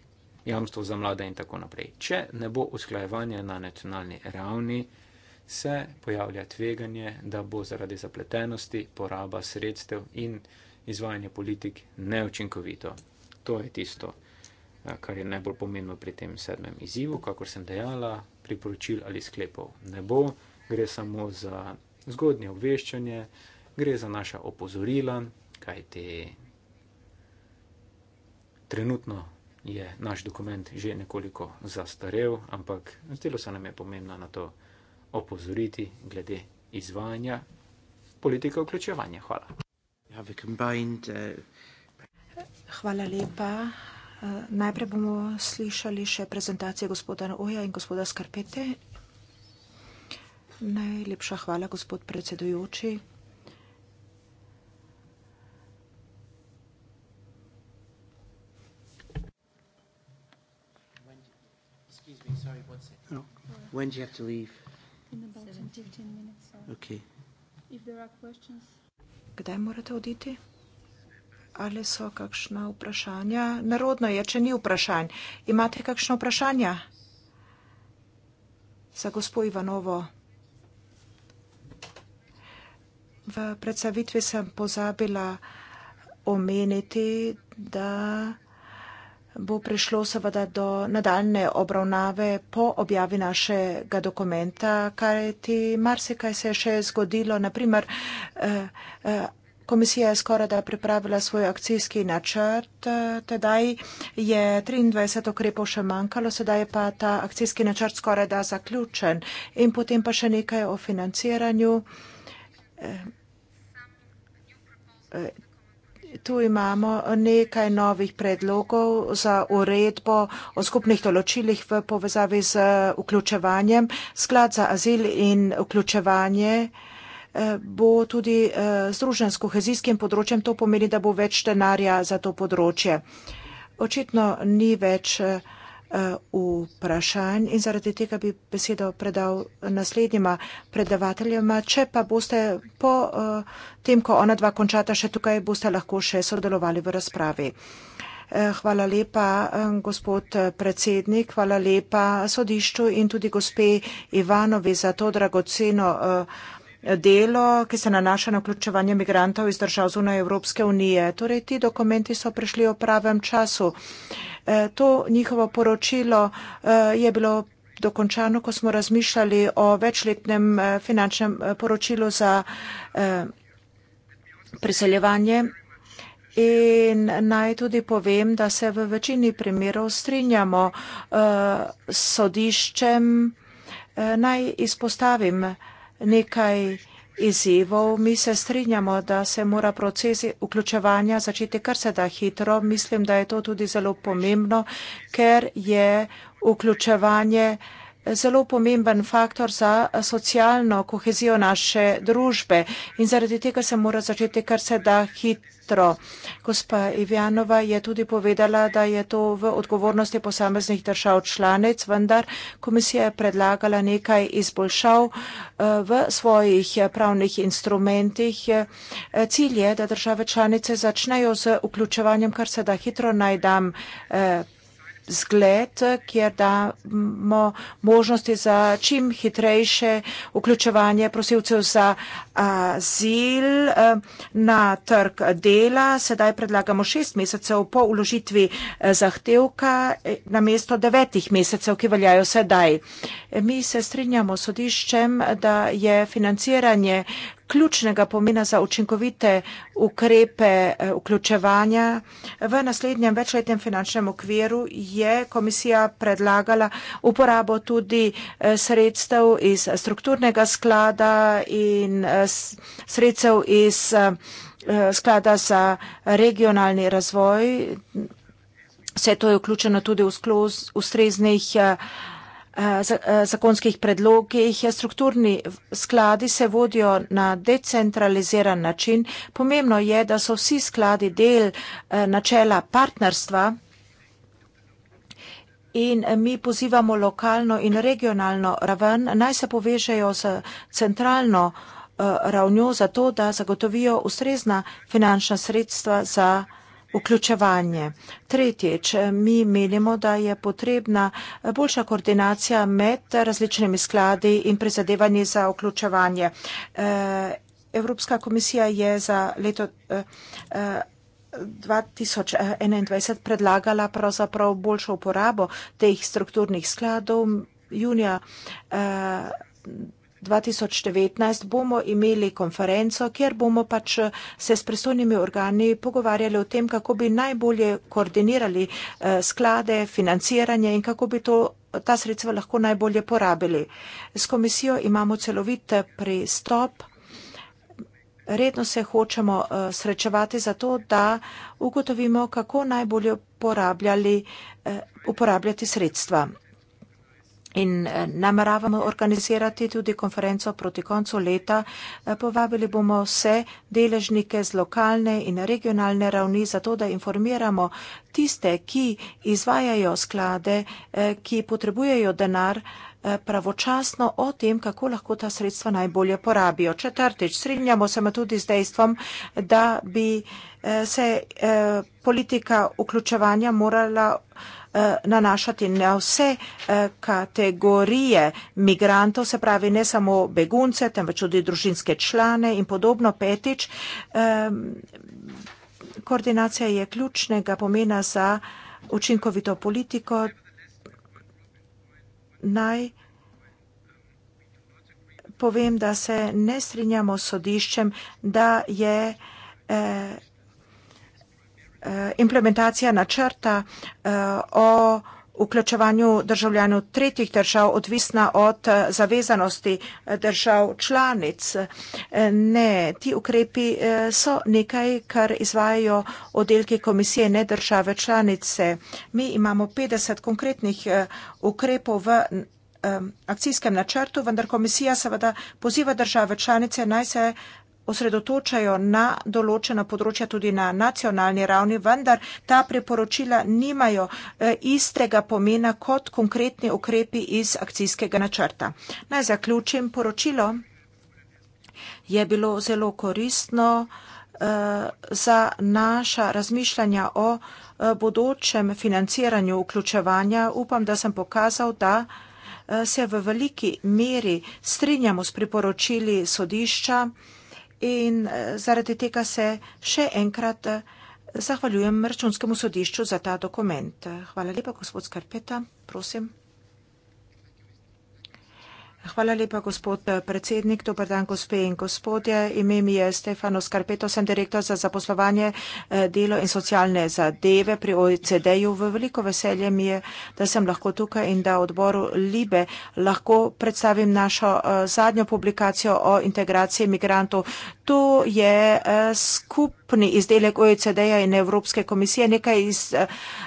jamstvo za mlade in tako naprej. Če ne bo usklajevanja na nacionalni ravni, se pojavlja tveganje, da bo zaradi zapletenosti poraba sredstev in izvajanje politik neučinkovito. To je tisto, eh, kar je najbolj pomembno pri tem sedmem izzivu, kakor sem dejala, priporočil ali sklepov ne bo gre samo za zgodnje obveščanje, gre za naša opozorila, kajti trenutno je naš dokument že nekoliko zastarev, ampak zdelo se nam je pomembno na to opozoriti glede izvajanja politike vključevanja. Hvala. Uh, Hvala lepa. Uh, najprej bomo slišali še prezentacije gospoda Oja in gospoda Skarpete Najlepša hvala, gospod predsedujoči. Kdaj morate oditi? Ali so kakšna vprašanja? Narodno je, če ni vprašanj. Imate kakšno vprašanje za gospod Ivanovo? V predstavitvi sem pozabila omeniti, da bo prišlo seveda do nadaljne obravnave po objavi našega dokumenta, kaj ti marsikaj se je še zgodilo. Naprimer, eh, eh, komisija je skoraj da pripravila svoj akcijski načrt, eh, tedaj je 23 okrepov še manjkalo, sedaj je pa ta akcijski načrt skoraj da zaključen. In potem pa še nekaj o financiranju. Eh, tu imamo nekaj novih predlogov za uredbo o skupnih določilih v povezavi z eh, vključevanjem. Sklad za azil in vključevanje eh, bo tudi združen s kohezijskim področjem. To pomeni, da bo več denarja za to področje. Očitno ni več. Eh, vprašanj in zaradi tega bi besedo predal naslednjima predavateljima. Če pa boste po eh, tem, ko ona dva končata še tukaj, boste lahko še sodelovali v razpravi. Eh, hvala lepa, gospod predsednik, hvala lepa sodišču in tudi gospe Ivanovi za to dragoceno delo, ki se nanaša na vključevanje migrantov iz držav zunaj Evropske unije. Torej, ti dokumenti so prišli v pravem času. E, to njihovo poročilo e, je bilo dokončano, ko smo razmišljali o večletnem e, finančnem poročilu za priseljevanje. In naj tudi povem, da se v večini primerov strinjamo s sodiščem. Naj izpostavim, nekaj izzivov. Mi se strinjamo, da se mora proces vključevanja začeti kar se da hitro. Mislim, da je to tudi zelo pomembno, ker je vključevanje zelo pomemben faktor za socialno kohezijo naše družbe in zaradi tega se mora začeti kar se da hitro. Gospa Ivjanova je tudi povedala, da je to v odgovornosti posameznih držav članec, vendar komisija je predlagala nekaj izboljšav eh, v svojih eh, pravnih instrumentih. Eh, cilj je, da države članice začnejo z vključevanjem kar se da hitro najdam zgled, kjer damo možnosti za čim hitrejše vključevanje prosilcev za azil eh, na trg dela. Sedaj predlagamo šest mesecev po uložitvi eh, zahtevka eh, na mesto devetih mesecev, ki veljajo sedaj. Mi se strinjamo sodiščem, da je financiranje ključnega pomena za učinkovite ukrepe eh, vključevanja. V naslednjem večletnem finančnem okviru je komisija predlagala uporabo tudi eh, sredstev iz strukturnega sklada in eh, sredstev iz sklada za regionalni razvoj. Vse to je vključeno tudi v skloz ustreznih Eh, eh, zakonskih predlogih. Ja, strukturni skladi se vodijo na decentraliziran način. Pomembno je, da so vsi skladi del eh, načela partnerstva. In mi pozivamo lokalno in regionalno raven, naj se povežejo z centralno uh, ravnjo za to, da zagotovijo ustrezna finančna sredstva za uh, vključevanje. Tretjič, mi menimo, da je potrebna boljša koordinacija med različnimi skladi in prizadevanji za vključevanje. Eh, Evropska komisija je za leto 2021 eh, eh, predlagala pravzaprav boljšo uporabo teh strukturnih skladov junija 2021 2019 bomo imeli konferenco, kjer bomo pač eh, se s presojnimi organi pogovarjali o tem, kako bi najbolje koordinirali eh, sklade, financiranje in kako bi to, ta sredstva lahko najbolje porabili. S komisijo imamo celovit eh, pristop. Redno se hočemo srečevati za to, da ugotovimo, kako najbolje uporabljati sredstva. In eh, nameravamo organizirati tudi konferenco proti koncu leta. Eh, povabili bomo vse deležnike z lokalne in regionalne ravni, zato da informiramo tiste, ki izvajajo sklade, eh, ki potrebujejo denar pravočasno o tem, kako lahko ta sredstva najbolje porabijo. Četrtič, strinjamo se tudi z dejstvom, da bi se politika vključevanja morala Eh, nanašati na vse eh, kategorije migrantov, se pravi ne samo begunce, temveč tudi družinske člane in podobno. Petič, koordinacija je ključnega pomena za učinkovito politiko. Naj povem, da se ne strinjamo s sodiščem, da je eh, Eh, implementacija načrta eh, o vključevanju državljanov tretjih držav odvisna od eh, zavezanosti držav članic. Ne, ti ukrepi so nekaj, kar izvajajo oddelki komisije, ne države članice. Mi imamo 50 konkretnih ukrepov v akcijskem načrtu, vendar komisija seveda poziva države članice naj se osredotočajo na določena področja tudi na nacionalni ravni, vendar ta priporočila nimajo eh, istega pomena kot konkretni ukrepi iz akcijskega načrta. Naj zaključim, poročilo je bilo zelo koristno eh, za naša razmišljanja o eh, bodočem financiranju vključevanja. Upam, da sem pokazal, da se v veliki meri strinjamo s priporočili sodišča In eh, zaradi tega se še enkrat eh, zahvaljujem računskemu sodišču za ta dokument. Hvala lepa, gospod Skarpeta. Prosim. Hvala lepa, gospod eh, predsednik. Dobar dan, gospe in gospodje. Ime mi je Stefano Skarpeto, sem direktor za zaposlovanje, eh, delo in socialne zadeve pri OECD-ju. Veliko veselje mi je, da sem lahko tukaj in da odboru Libe lahko predstavim našo eh, zadnjo publikacijo o integraciji migrantov. To je skupni izdelek OECD-ja in Evropske komisije. Nekaj iz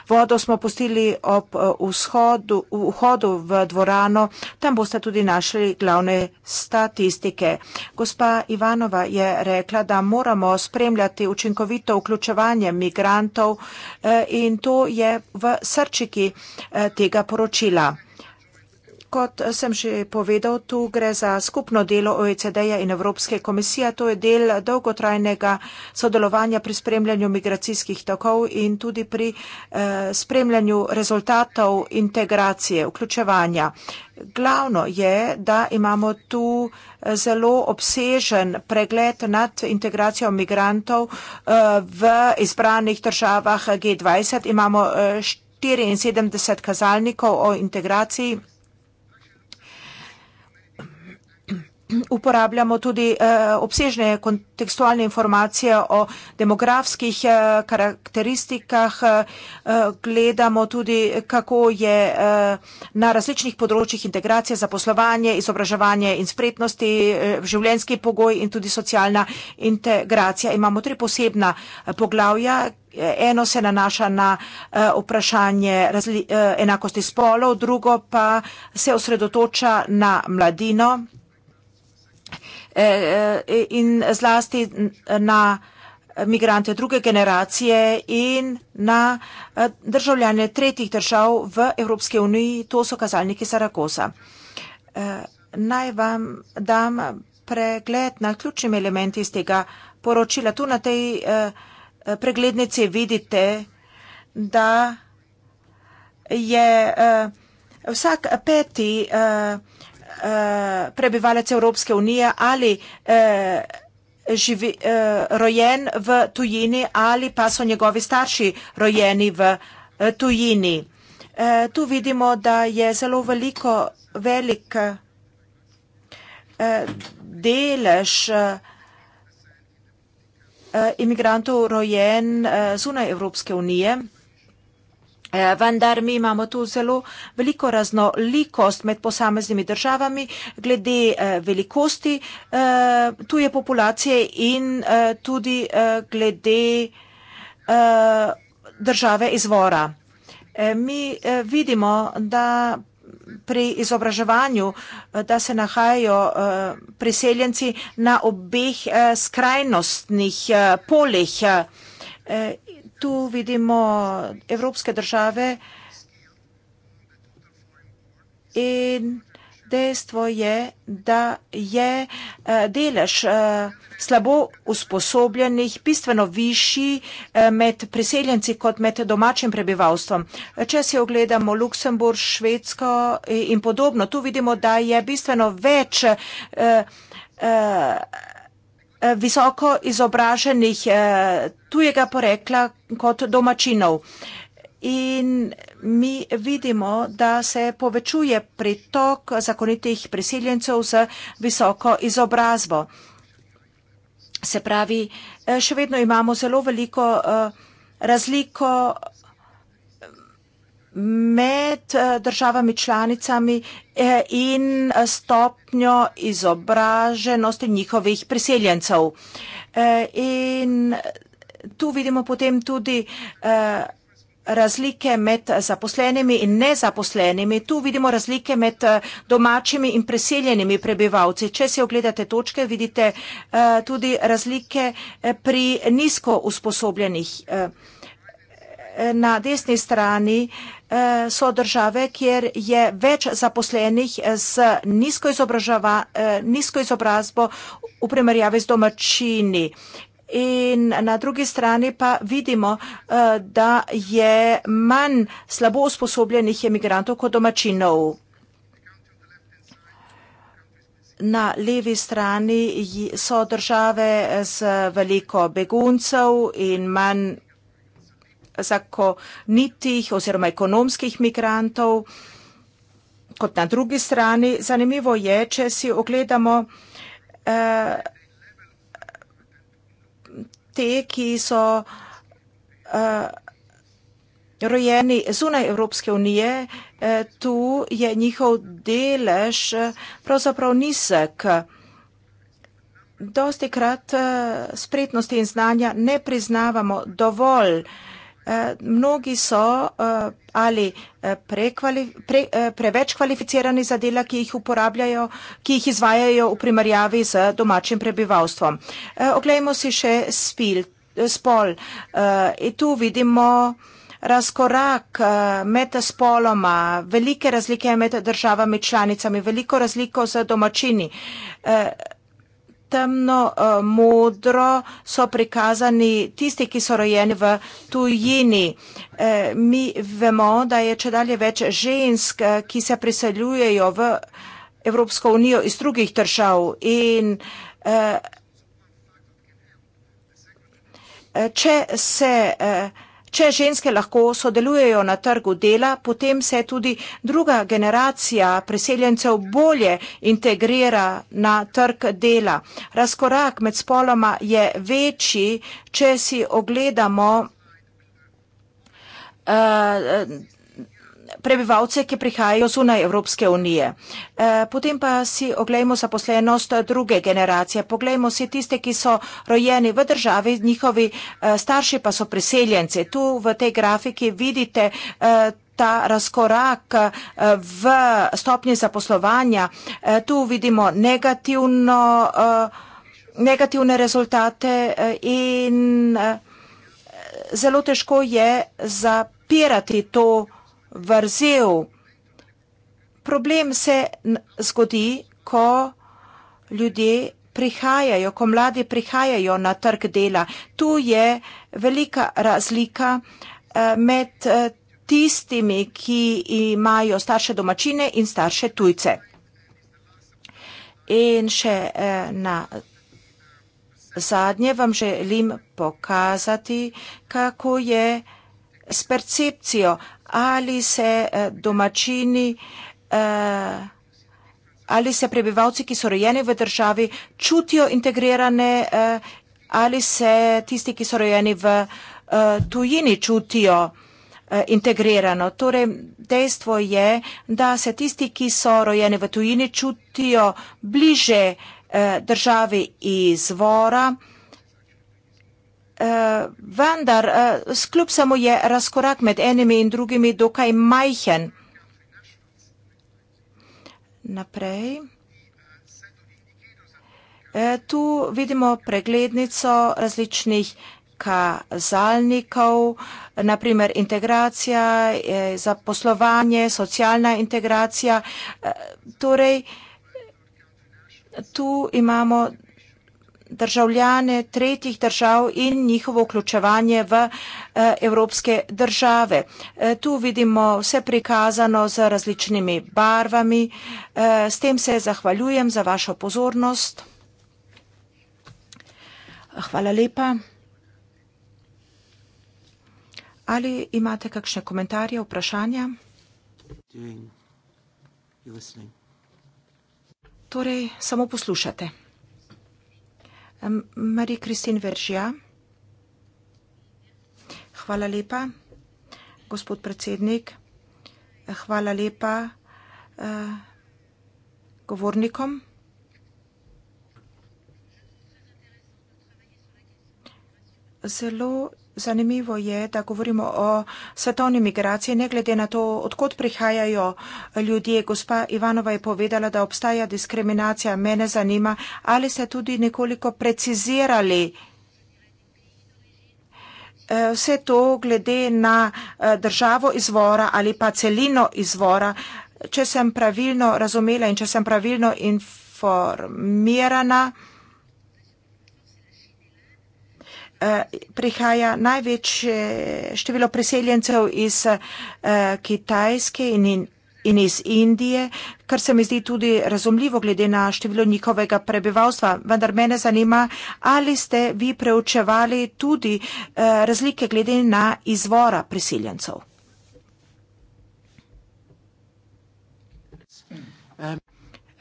vodo smo pustili ob vzhodu, vhodu v dvorano. Tam boste tudi naši našli glavne statistike. Gospa Ivanova je rekla, da moramo spremljati učinkovito vključevanje migrantov eh, in to je v srčiki eh, tega poročila kot sem že povedal, tu gre za skupno delo OECD-ja in Evropske komisije. To je del dolgotrajnega sodelovanja pri spremljanju migracijskih tokov in tudi pri eh, spremljanju rezultatov integracije, vključevanja. Glavno je, da imamo tu eh, zelo obsežen pregled nad integracijo migrantov eh, v izbranih državah G20. Imamo 74 eh, kazalnikov o integraciji. uporabljamo tudi eh, obsežne kontekstualne informacije o demografskih eh, karakteristikah, eh, gledamo tudi, kako je na različnih področjih integracije za poslovanje, izobraževanje in spretnosti, življenjski pogoj in tudi socialna integracija. Imamo tri posebna poglavja. Eno se nanaša na vprašanje enakosti spolov, drugo pa se osredotoča na mladino Eh, eh, in zlasti na migrante druge generacije in na eh, državljane tretjih držav v Evropske uniji, to so kazalniki Saragosa. Naj vam dam pregled na ključnim elementi iz tega poročila. Tu na tej preglednici vidite, da je vsak peti vsega Eh, prebivalec Evropske unije ali uh, Živi, uh, rojen v tujini ali pa so njegovi starši rojeni v uh, tujini. Uh, tu vidimo, da je zelo veliko velik uh, delež uh, uh, imigrantov rojen uh, zunaj Evropske unije. Eh, vendar mi imamo tu zelo veliko raznolikost med posameznimi državami glede eh, velikosti eh, tuje populacije in tudi glede države izvora. Mi vidimo, da pri izobraževanju, da se nahajajo priseljenci na obeh skrajnostnih poljih tu vidimo evropske države in dejstvo je, da je eh, delež eh, slabo usposobljenih bistveno višji eh, med priseljenci kot med domačim prebivalstvom. Če si ogledamo Luksemburg, Švedsko in podobno, tu vidimo, da je bistveno več Eh, visoko izobraženih eh, tujega porekla kot domačinov. In mi vidimo, da se povečuje pritok zakonitih priseljencev z visoko izobrazbo. Se pravi, eh, še vedno imamo zelo veliko razliko med eh, državami članicami eh, in eh, stopnjo izobraženosti njihovih priseljencev. In tu vidimo potem tudi razlike med zaposlenimi in nezaposlenimi. Tu vidimo razlike med domačimi in preseljenimi prebivalci. Če si ogledate točke, vidite tudi razlike pri nizko usposobljenih prebivalcih na desni strani eh, so države, kjer je več zaposlenih z nizko, eh, nizko izobrazbo v primerjavi z domačini. In na drugi strani pa vidimo, eh, da je manj slabo usposobljenih emigrantov kot domačinov. Na levi strani so države z veliko beguncev in manj nezakonitih oziroma ekonomskih migrantov. Kot na drugi strani, zanimivo je, če si ogledamo eh, te, ki so eh, rojeni zunaj Evropske unije, eh, tu je njihov delež eh, pravzaprav nizek. Dosti krat eh, spretnosti in znanja ne priznavamo dovolj. Eh, Eh, mnogi so eh, ali eh, prekvali, pre, preveč kvalificirani za dela, ki jih uporabljajo, ki jih izvajajo v primerjavi z domačim prebivalstvom. Oglejmo si še spil, spol. In tu vidimo razkorak med spoloma, velike razlike med državami članicami, veliko razliko z domačini temno eh, modro so prikazani tisti, ki so rojeni v tujini. Eh, mi vemo, da je če dalje več žensk, eh, ki se priseljujejo v Evropsko unijo iz drugih držav in če se Če ženske lahko sodelujejo na trgu dela, potem se tudi druga generacija preseljencev bolje integrira na trg dela. Razkorak med spoloma je večji, če si ogledamo. Uh, prebivalce, ki prihajajo zunaj Evropske unije. E, potem pa si oglejmo zaposlenost druge generacije. Poglejmo si tiste, ki so rojeni v državi, njihovi e, starši pa so priseljenci. Tu v tej grafiki vidite. E, ta razkorak e, v stopnji zaposlovanja. E, tu vidimo negativno, e, negativne rezultate in zelo težko je zapirati to vrzel. Problem se zgodi, ko ljudje prihajajo, ko mladi prihajajo na trg dela. Tu je velika razlika eh, med eh, tistimi, ki imajo starše domačine in starše tujce. In še eh, na zadnje vam želim pokazati, kako je s percepcijo, ali se eh, domačini, eh, ali se prebivalci, ki so rojeni v državi, čutijo integrirane, eh, ali se tisti, ki so rojeni v tujini, čutijo integrirano. Torej, dejstvo je, da se tisti, ki so rojeni v tujini, čutijo bliže državi izvora uh, vendar uh, eh, sklub samo je razkorak med enimi in drugimi dokaj majhen. Naprej. Uh, tu vidimo preglednico različnih kazalnikov, naprimer integracija, eh, zaposlovanje, socialna integracija. Eh, torej, tu imamo državljane tretjih držav in njihovo vključevanje v eh, evropske države. Eh, tu vidimo vse prikazano z različnimi barvami. Eh, s tem se zahvaljujem za vašo pozornost. Hvala lepa. Ali imate kakšne komentarje, vprašanja? Torej, samo poslušate. Marie-Christine Veržja. Hvala lepa, gospod predsednik. Hvala lepa uh, govornikom. Zelo Zanimivo je, da govorimo o svetovni migraciji, ne glede na to, odkot prihajajo ljudje. Gospa Ivanova je povedala, da obstaja diskriminacija. Mene zanima, ali ste tudi nekoliko precizirali eh, vse to glede na eh, državo izvora ali pa celino izvora. Če sem pravilno razumela in če sem pravilno informirana. Eh, prihaja največje število preseljencev iz eh, Kitajske in, in, in iz Indije, kar se mi zdi tudi razumljivo glede na število njihovega prebivalstva. Vendar mene zanima, ali ste vi preučevali tudi eh, razlike glede na izvora preseljencev.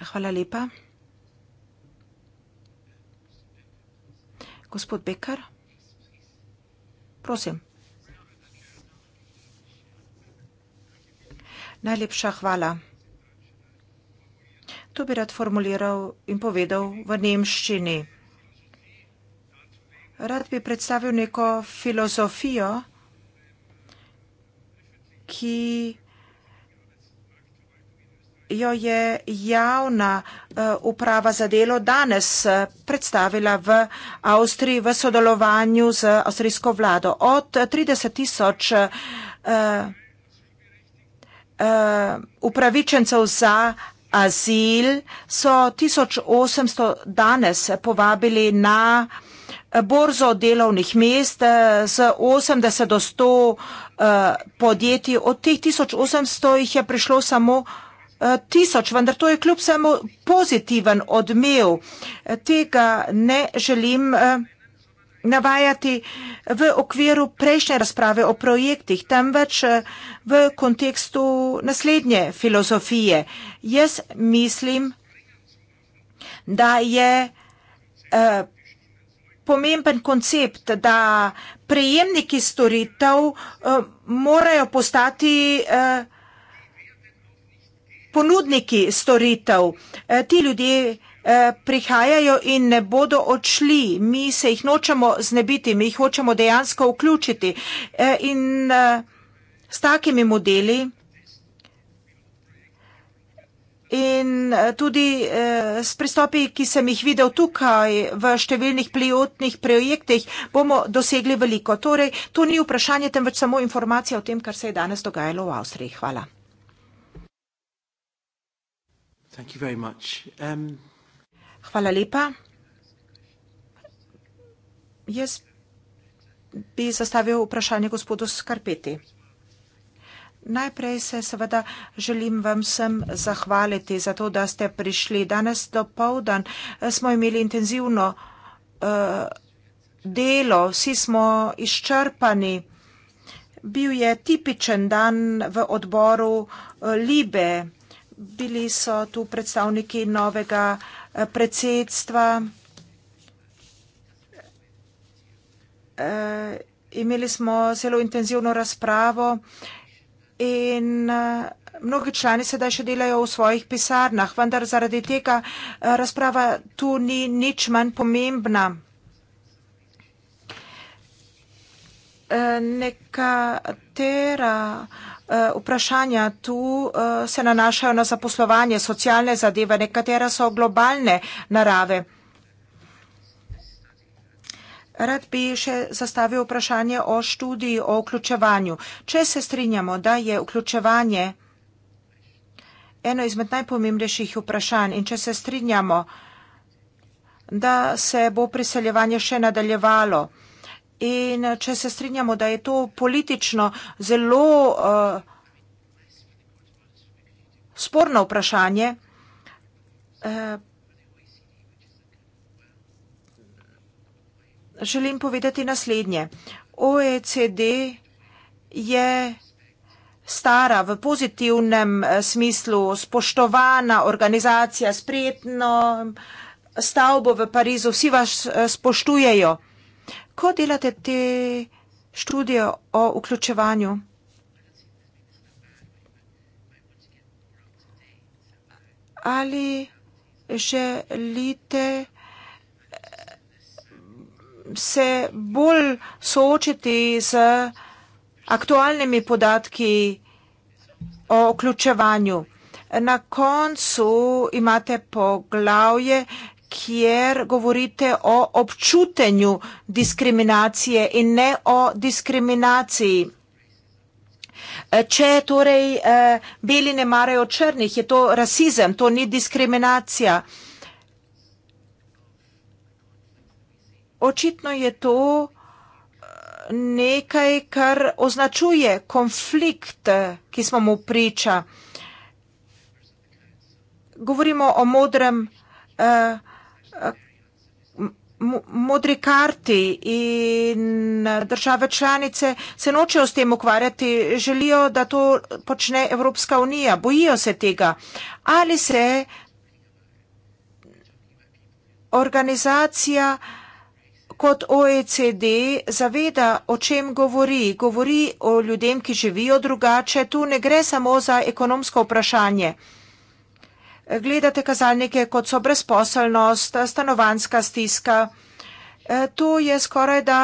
Hvala lepa. Gospod Bekar. Prosim. Najlepša hvala. To bi rad formuliral in povedal v nemščini. Rad bi predstavil neko filozofijo, ki jo je javna eh, uprava za delo danes eh, predstavila v Avstriji v sodelovanju z avstrijsko vlado. Od 30 tisoč eh, upravičencev za azil so 1800 danes povabili na borzo delovnih mest z 80 do 100 podjetij. Od teh 1800 jih je prišlo samo tisoč, vendar to je kljub samo pozitiven odmev. Tega ne želim eh, navajati v okviru prejšnje razprave o projektih, temveč eh, v kontekstu naslednje filozofije. Jaz mislim, da je eh, pomemben koncept, da prejemniki storitev morajo postati vsega, ponudniki storitev. Eh, ti ljudje eh, prihajajo in ne bodo odšli. Mi se jih nočemo znebiti, mi jih hočemo dejansko vključiti. Eh, in s takimi modeli in tudi s pristopi, ki sem jih videl tukaj v številnih pliotnih projektih, bomo dosegli veliko. Torej, to ni vprašanje, temveč samo informacija o tem, kar se je danes dogajalo v Avstriji. Hvala. Thank you very much. Um... Hvala lepa. Jaz bi zastavil vprašanje gospodu Skarpeti. Najprej se seveda želim vam sem zahvaliti za to, da ste prišli. Danes do povdan smo imeli intenzivno uh, delo, vsi smo izčrpani. Bil je tipičen dan v odboru uh, Libe bili so tu predstavniki novega eh, predsedstva. Eh, imeli smo zelo intenzivno razpravo in eh, mnogi člani sedaj še delajo v svojih pisarnah, vendar zaradi tega razprava tu ni nič manj pomembna. Eh, nekatera eh, vprašanja tu eh, se nanašajo na zaposlovanje, socialne zadeve, nekatera so globalne narave. Rad bi še zastavil vprašanje o študiji, o vključevanju. Če se strinjamo, da je vključevanje eno izmed najpomembnejših vprašanj in če se strinjamo, da se bo priseljevanje še nadaljevalo, In eh, če se strinjamo, da je to politično zelo uh, sporno vprašanje, uh, želim povedati naslednje. OECD je stara v pozitivnem smislu, spoštovana organizacija, spretno stavbo v Parizu, vsi vas spoštujejo. Ko delate te študije o vključevanju? Ali želite eh, se bolj soočiti z aktualnimi podatki o vključevanju? Na koncu imate poglavje, kjer govorite o občutenju diskriminacije in ne o diskriminaciji. E, če torej e, beli ne marajo črnih, je to rasizem, to ni diskriminacija. Očitno je to e, nekaj, kar označuje konflikt, ki smo mu priča. Govorimo o modrem modri karti in eh, države članice se nočejo s tem ukvarjati, želijo, da to počne Evropska unija, bojijo se tega. Ali se organizacija kot OECD zaveda, o čem govori? Govori o ljudem, ki živijo drugače, tu ne gre samo za ekonomsko vprašanje gledate kazalnike, kot so brezposelnost, stanovanska stiska. E, to je skoraj da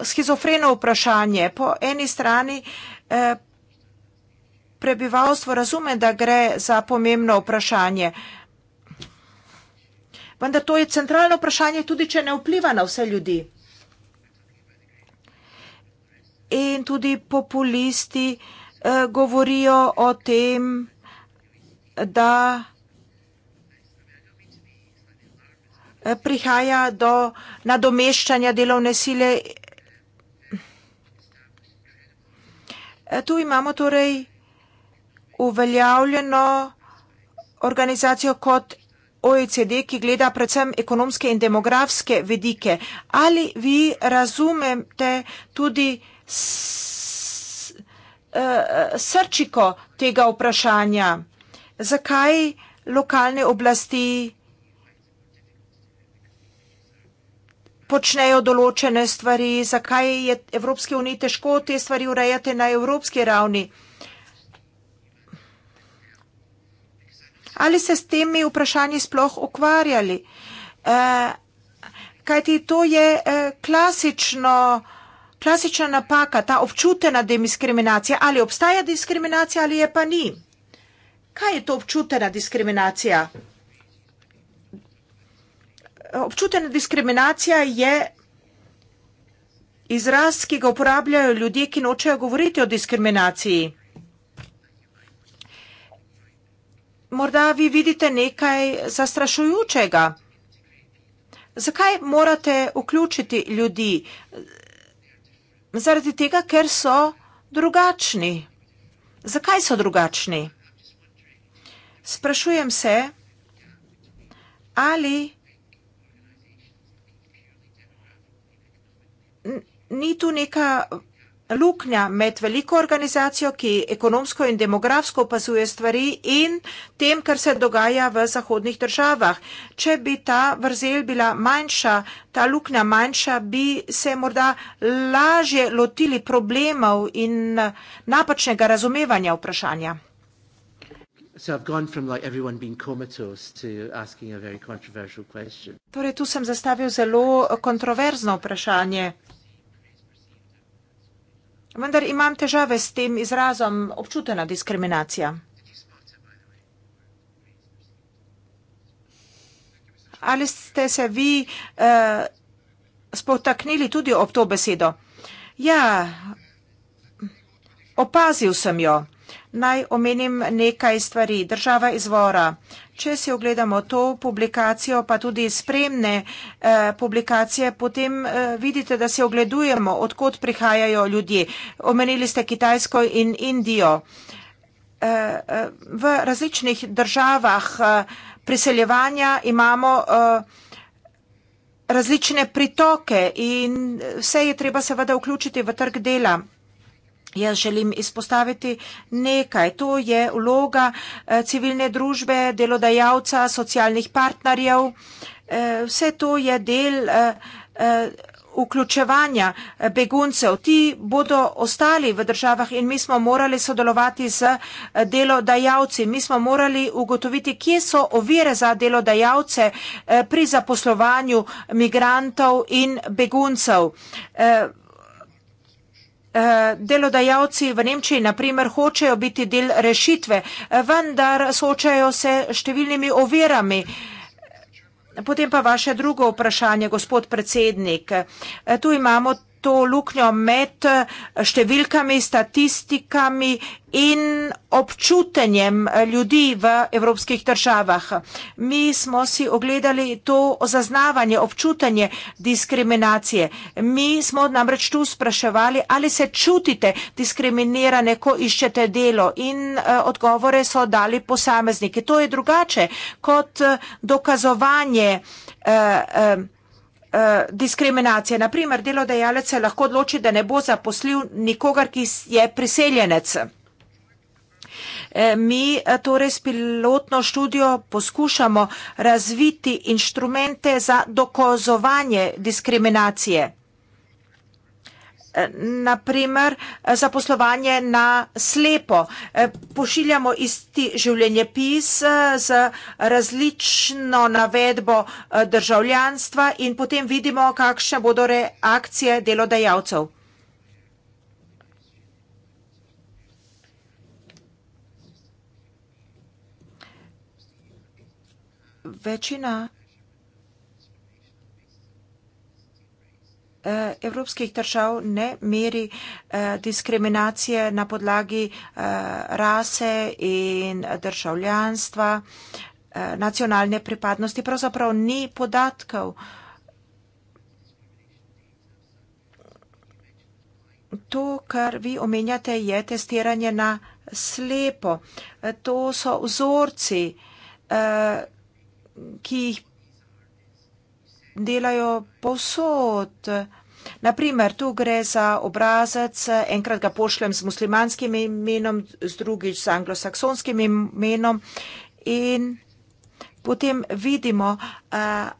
e, schizofreno vprašanje. Po eni strani e, prebivalstvo razume, da gre za pomembno vprašanje. Vendar to je centralno vprašanje, tudi če ne vpliva na vse ljudi. In tudi populisti eh, govorijo o tem, da eh, prihaja do nadomeščanja delovne sile. E, tu imamo torej uveljavljeno organizacijo kot OECD, ki gleda predvsem ekonomske in demografske vedike. Ali vi razumete tudi e, srčiko tega vprašanja? Zakaj lokalne oblasti? počnejo določene stvari, zakaj je Evropski uniji težko te stvari urejati na evropski ravni. Ali se s temi vprašanji sploh ukvarjali? Eh, kajti to je eh, klasično. Klasična napaka, ta občutena diskriminacija, ali obstaja diskriminacija ali je pa ni. Kaj je to občutena diskriminacija? občutena diskriminacija je izraz, ki ga uporabljajo ljudje, ki nočejo govoriti o diskriminaciji. Morda vi vidite nekaj zastrašujočega. Zakaj morate vključiti ljudi? Zaradi tega, ker so drugačni. Zakaj so drugačni? Sprašujem se, ali ni tu neka luknja med veliko organizacijo, ki ekonomsko in demografsko opazuje stvari in tem, kar se dogaja v zahodnih državah. Če bi ta vrzel bila manjša, ta luknja manjša, bi se morda lažje lotili problemov in napačnega razumevanja vprašanja. Torej, tu sem zastavil zelo kontroverzno vprašanje. Vendar imam težave s tem izrazom občutena diskriminacija. Ali ste se vi uh, spotaknili tudi ob to besedo? Ja, opazil sem jo. Naj omenim nekaj stvari. Država izvora, če si ogledamo to publikacijo, pa tudi spremne eh, publikacije, potem eh, vidite, da se ogledujemo, odkot prihajajo ljudje. Omenili ste Kitajsko in Indijo. Eh, eh, v različnih državah eh, priseljevanja imamo. Eh, Različne pritoke in eh, vse je treba seveda vključiti v trg dela. Jaz želim izpostaviti nekaj. To je vloga eh, civilne družbe, delodajalca, socialnih partnerjev. Eh, vse to je del eh, vključevanja beguncev. Ti bodo ostali v državah in mi smo morali sodelovati z delodajalci. Mi smo morali ugotoviti, kje so ovire za delodajalce pri zaposlovanju migrantov in beguncev. Eh, delodajalci v Nemčiji, na primer, hočejo biti del rešitve, eh, vendar soočajo se številnimi ovirami. Potem pa vaše drugo vprašanje, gospod predsednik. Eh, tu imamo to luknjo med eh, številkami, statistikami in občutenjem eh, ljudi v evropskih državah. Mi smo si ogledali to zaznavanje, občutenje diskriminacije. Mi smo namreč tu spraševali, ali se čutite diskriminirane, ko iščete delo in eh, odgovore so dali posamezniki. To je drugače kot dokazovanje. Uh, uh, uh, diskriminacije. Naprimer, delodajalec se lahko odloči, da ne bo zaposlil nikogar, ki je priseljenec. Eh, mi eh, torej s pilotno študijo poskušamo razviti inštrumente za dokazovanje diskriminacije. Eh, na primer eh, zaposlovanje na slepo. Eh, pošiljamo isti življenjepis z različno navedbo državljanstva in potem vidimo, kakšne bodo reakcije delodajalcev. Večina Eh, evropskih držav ne meri eh, diskriminacije na podlagi eh, rase in državljanstva, nacionalne pripadnosti, pravzaprav ni podatkov. To, kar vi omenjate, je testiranje na slepo. To so vzorci, ki jih delajo povsod. Naprimer, tu gre za obrazec, enkrat ga pošljem z muslimanskim imenom, z drugič z anglosaksonskim imenom in potem vidimo, eh,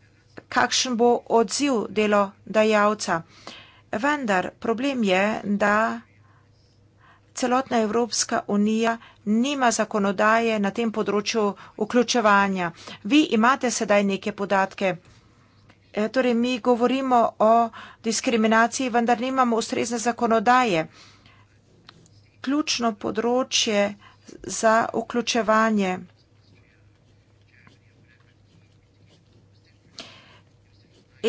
kakšen bo odziv delo dajavca. Vendar problem je, da celotna Evropska unija nima zakonodaje na tem področju vključevanja. Vi imate sedaj neke podatke. E, torej, mi govorimo o diskriminaciji, vendar nimamo ustrezne zakonodaje. Ključno področje za vključevanje.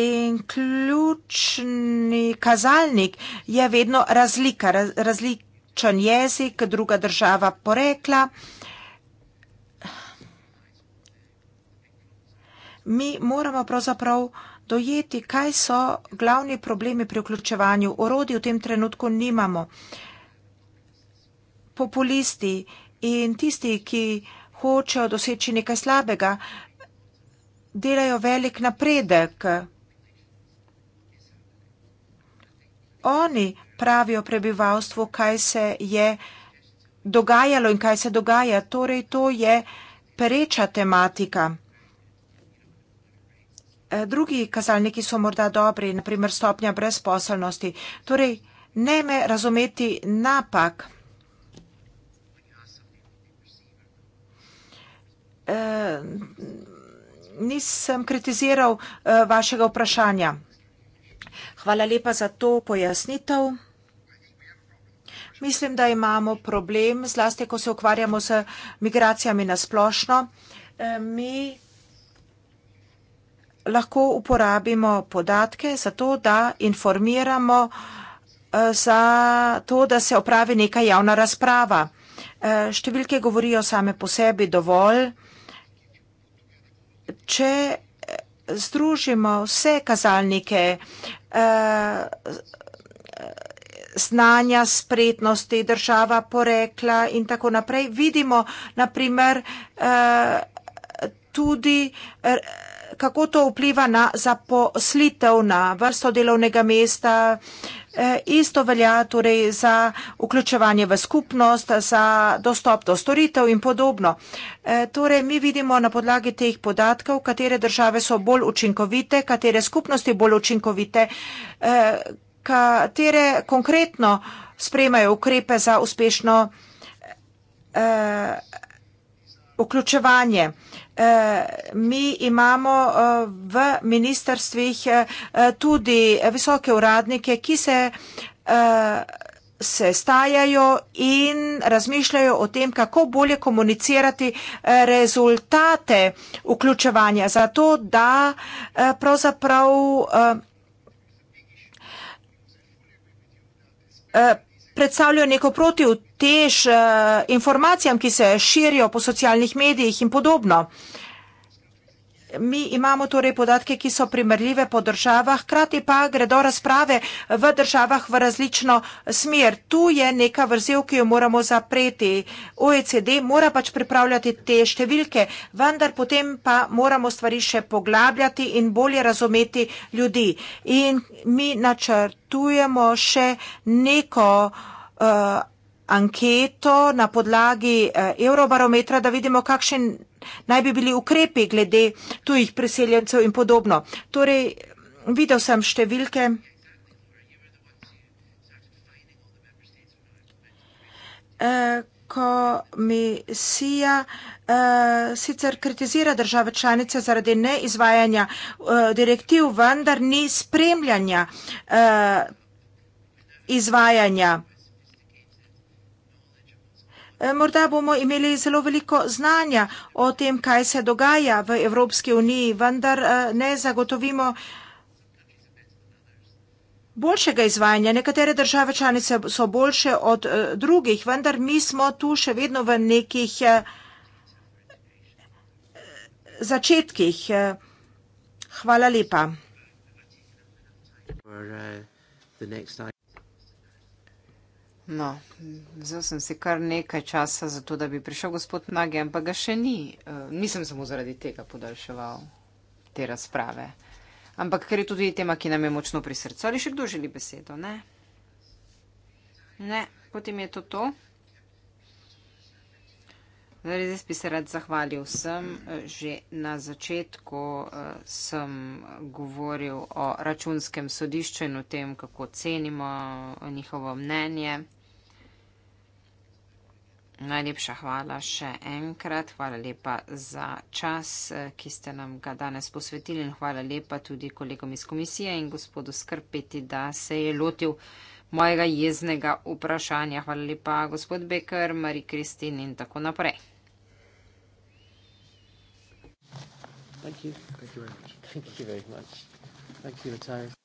In ključni kazalnik je vedno razlika, različen jezik, druga država porekla. Mi moramo pravzaprav dojeti, kaj so glavni problemi pri vključevanju. Orodij v tem trenutku nimamo. Populisti in tisti, ki hočejo doseči nekaj slabega, delajo velik napredek. Oni pravijo prebivalstvu, kaj se je dogajalo in kaj se dogaja. Torej, to je pereča tematika. E, drugi kazalniki so morda dobri, naprimer stopnja brezposelnosti. Torej, ne me razumeti napak. E, nisem kritiziral e, vašega vprašanja. Hvala lepa za to pojasnitev. Mislim, da imamo problem, zlasti, ko se ukvarjamo s migracijami na splošno. Mi lahko uporabimo podatke za to, da informiramo, eh, za to, da se opravi neka javna razprava. Eh, številke govorijo same po sebi dovolj. Če eh, združimo vse kazalnike znanja, spretnosti, država, porekla in tako naprej, vidimo naprimer tudi kako to vpliva na zaposlitev, na vrsto delovnega mesta. E, isto velja torej za vključevanje v skupnost, za dostop do storitev in podobno. E, torej, mi vidimo na podlagi teh podatkov, katere države so bolj učinkovite, katere skupnosti bolj učinkovite, e, katere konkretno spremajo ukrepe za uspešno vključevanje. Eh, mi imamo eh, v ministrstvih eh, tudi visoke uradnike, ki se se stajajo in razmišljajo o tem, kako bolje komunicirati rezultate vključevanja, zato da pravzaprav predstavljajo neko protivtež eh, informacijam, ki se širijo po socialnih medijih in podobno mi imamo torej podatke, ki so primerljive po državah, krati pa gredo razprave v državah v različno smer. Tu je neka vrzel, ki jo moramo zapreti. OECD mora pač pripravljati te številke, vendar potem pa moramo stvari še poglabljati in bolje razumeti ljudi. In mi načrtujemo še neko. Uh, anketo na podlagi eh, Eurobarometra, da vidimo, kakšen naj bi bili ukrepi glede tujih preseljencev in podobno. Torej, videl sem številke. E, komisija uh, sicer kritizira države članice zaradi neizvajanja uh, direktiv, vendar ni spremljanja uh, izvajanja. Eh, morda bomo imeli zelo veliko znanja o tem, kaj se dogaja v Evropski uniji, vendar eh, ne zagotovimo boljšega izvajanja. Nekatere države članice so boljše od eh, drugih, vendar mi smo tu še vedno v nekih začetkih. Hvala lepa. No, vzel sem si kar nekaj časa za to, da bi prišel gospod Nagi, ampak ga še ni. Eh, nisem samo zaradi tega podaljševal te razprave. Ampak ker je tudi tema, ki nam je močno pri srcu. Ali še kdo želi besedo? Ne. ne. Potem je to to. Zdaj, zdaj bi se rad zahvalil vsem. Eh, že na začetku eh, sem govoril o računskem sodišču in o tem, kako cenimo njihovo mnenje. Najlepša hvala še enkrat, hvala lepa za čas, eh, ki ste nam ga danes posvetili in hvala lepa tudi kolegom iz komisije in gospodu Skrpeti, da se je lotil mojega jeznega vprašanja. Hvala lepa gospod Beker, Marie Kristin in tako naprej. Thank you. Thank you very much. Thank you very much. Thank you, Matthias.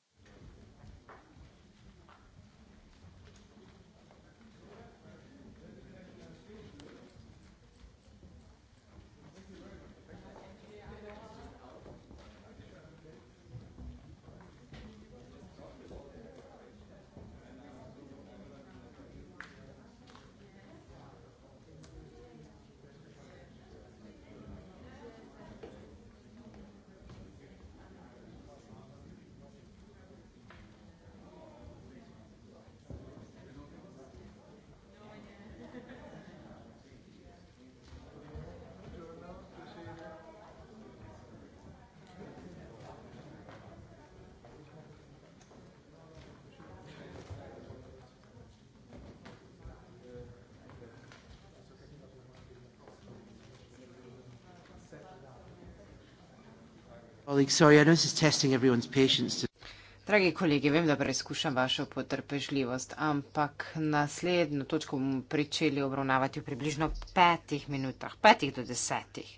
Dragi kolegi, vem, da preizkušam vašo potrpežljivost, ampak naslednjo točko bomo pričeli obravnavati v približno petih minutah, petih do desetih.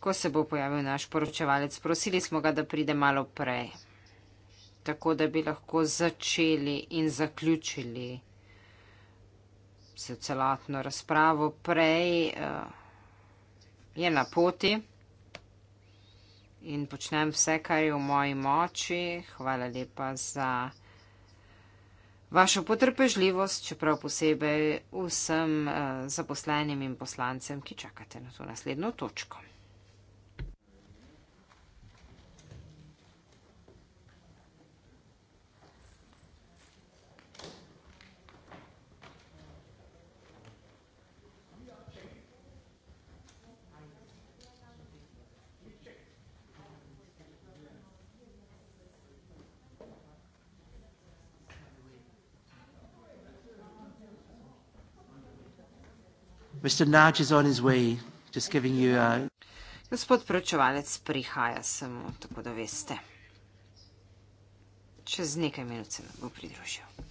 Ko se bo pojavil naš poročevalec, prosili smo ga, da pride malo prej, tako da bi lahko začeli in zaključili se celotno razpravo prej. Eh, je na poti in počnem vse, kar je v moji moči. Hvala lepa za vašo potrpežljivost, čeprav posebej vsem eh, zaposlenim in poslancem, ki čakate na to naslednjo točko. Mr. Nudge is on his way, just giving you a. Uh, Gospod preučevalec prihaja samo, tako da veste. Čez nekaj minut se nam bo pridružil.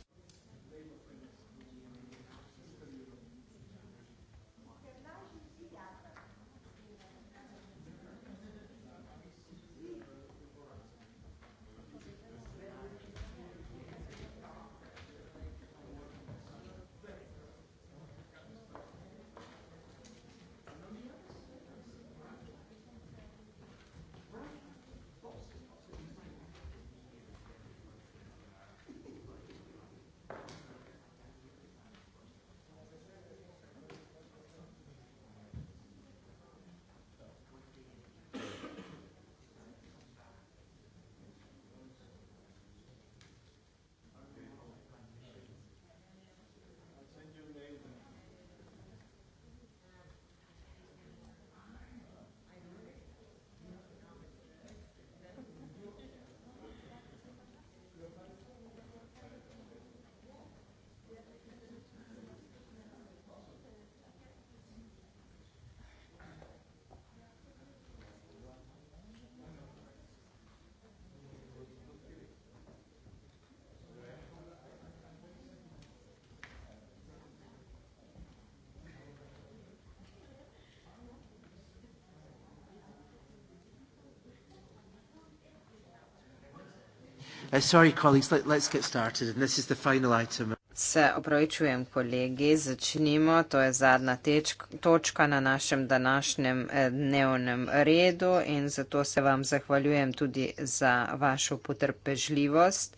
Uh, sorry, colleagues, let, let's get started. And this is the final item. Se opravičujem, kolegi, začnimo. To je zadnja teč, točka na našem današnjem eh, dnevnem redu in zato se vam zahvaljujem tudi za vašo potrpežljivost.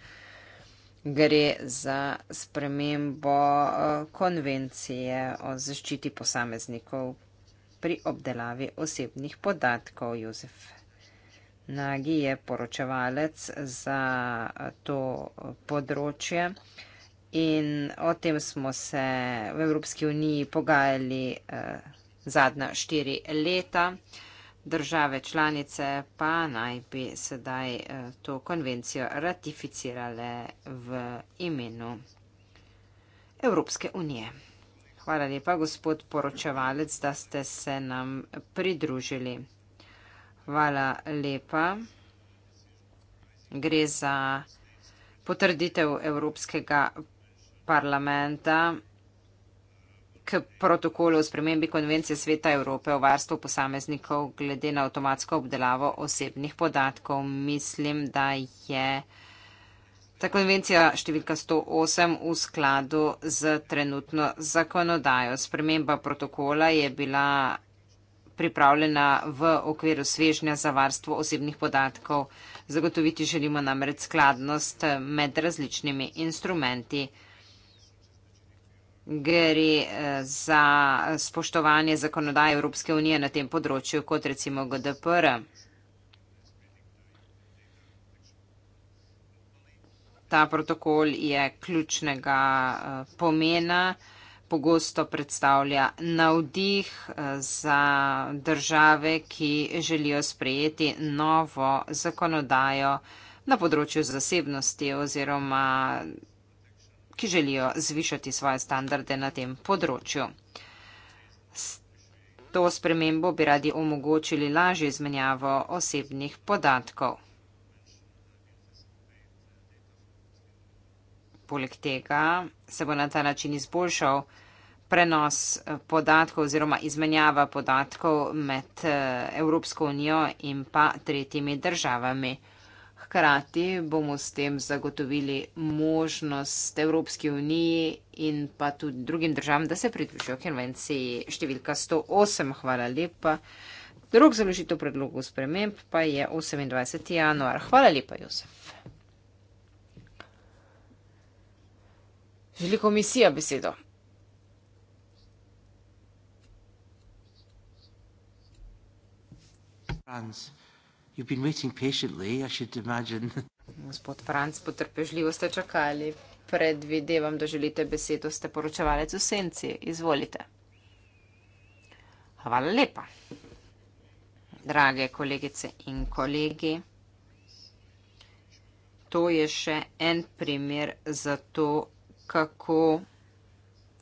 Gre za spremembo eh, konvencije o zaščiti posameznikov pri obdelavi osebnih podatkov Jozef Nagi je poročevalec za to področje in o tem smo se v Evropski uniji pogajali eh, zadnja štiri leta. Države članice pa naj bi sedaj eh, to konvencijo ratificirale v imenu Evropske unije. Hvala lepa, gospod poročevalec, da ste se nam pridružili. Hvala lepa. Gre za potrditev Evropskega parlamenta k protokolu o spremembi konvencije Sveta Evrope o varstvu posameznikov glede na avtomatsko obdelavo osebnih podatkov. Mislim, da je ta konvencija številka 108 v skladu z trenutno zakonodajo. Sprememba protokola je bila pripravljena v okviru svežnja za varstvo osebnih podatkov. Zagotoviti želimo namreč skladnost med različnimi instrumenti. Gre eh, za spoštovanje zakonodaje Evropske unije na tem področju, kot recimo GDPR. Ta protokol je ključnega eh, pomena pogosto predstavlja navdih eh, za države, ki želijo sprejeti novo zakonodajo na področju zasebnosti oziroma ki želijo zvišati svoje standarde na tem področju. To spremembo bi radi omogočili lažje izmenjavo osebnih podatkov. poleg tega se bo na ta način izboljšal prenos eh, podatkov oziroma izmenjava podatkov med eh, Evropsko unijo in pa tretjimi državami. Hkrati bomo s tem zagotovili možnost Evropski uniji in pa tudi drugim državam, da se pridružijo konvenciji številka 108. Hvala lepa. Drug založitev predlogov sprememb pa je 28. januar. Hvala lepa, Josef. Želi komisija besedo. Franz, you've been waiting patiently, I should imagine. (laughs) Gospod Franc, potrpežljivo ste čakali. Predvidevam, da želite besedo, ste poročevalec v senci. Izvolite. Hvala lepa. Drage kolegice in kolegi, to je še en primer za to, kako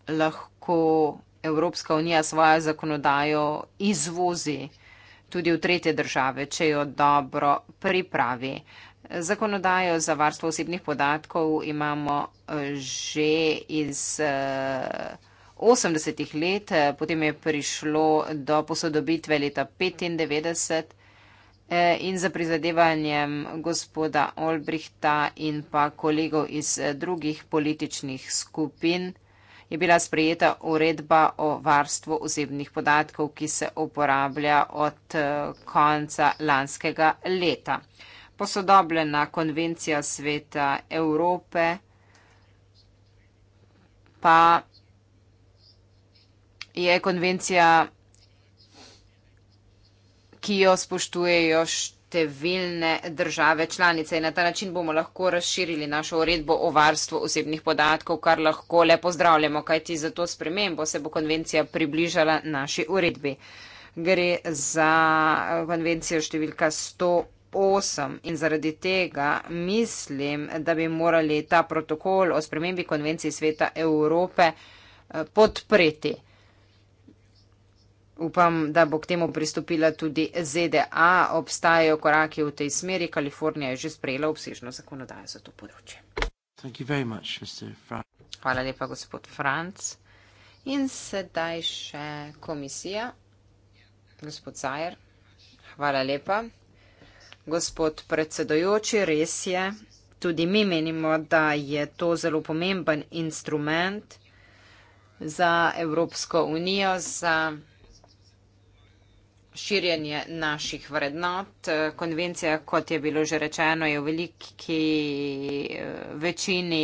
lahko Evropska unija svojo zakonodajo izvozi tudi v tretje države, če jo dobro pripravi. Zakonodajo za varstvo osebnih podatkov imamo eh, že iz 80-ih eh, let, eh, potem je prišlo do posodobitve leta 1995, Eh, in za prizadevanjem gospoda Olbrihta in pa kolegov iz eh, drugih političnih skupin je bila sprejeta uredba o varstvu osebnih podatkov, ki se uporablja od eh, konca lanskega leta. Posodobljena konvencija sveta Evrope pa je konvencija ki jo spoštujejo številne države članice. In na ta način bomo lahko razširili našo uredbo o varstvu osebnih podatkov, kar lahko le pozdravljamo, kajti za to spremembo se bo konvencija približala naši uredbi. Gre za eh, konvencijo številka 108 in zaradi tega mislim, da bi morali ta protokol o spremembi konvencij sveta Evrope eh, podpreti. Upam, da bo k temu pristopila tudi ZDA. Obstajajo korake v tej smeri. Kalifornija je že sprejela obsežno zakonodajo za to področje. Much, Hvala lepa, gospod Franc. In sedaj še komisija. Gospod Zajer. Hvala lepa. Gospod predsedojoči, res je. Tudi mi menimo, da je to zelo pomemben instrument za Evropsko unijo, za širjenje naših vrednot. Konvencija, kot je bilo že rečeno, je v veliki eh, večini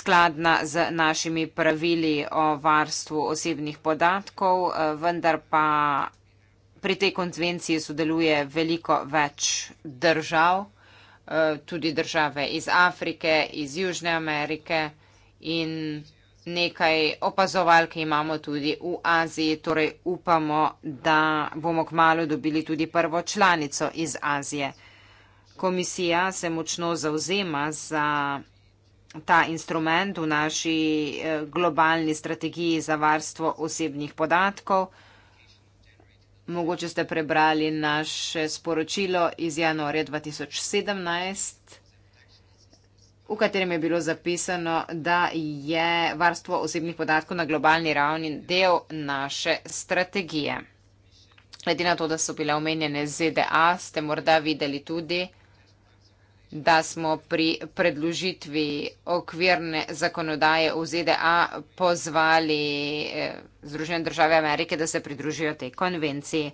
skladna z našimi pravili o varstvu osebnih podatkov, eh, vendar pa pri tej konvenciji sodeluje veliko več držav, eh, tudi države iz Afrike, iz Južne Amerike in nekaj opazovalk imamo tudi v Aziji, torej upamo, da bomo kmalo dobili tudi prvo članico iz Azije. Komisija se močno zauzema za ta instrument v naši eh, globalni strategiji za varstvo osebnih podatkov. Mogoče ste prebrali naše sporočilo iz januarja 2017 v katerem je bilo zapisano, da je varstvo osebnih podatkov na globalni ravni del naše strategije. Glede na to, da so bile omenjene ZDA, ste morda videli tudi, da smo pri predložitvi okvirne zakonodaje v ZDA pozvali eh, Združene države Amerike, da se pridružijo tej konvenciji.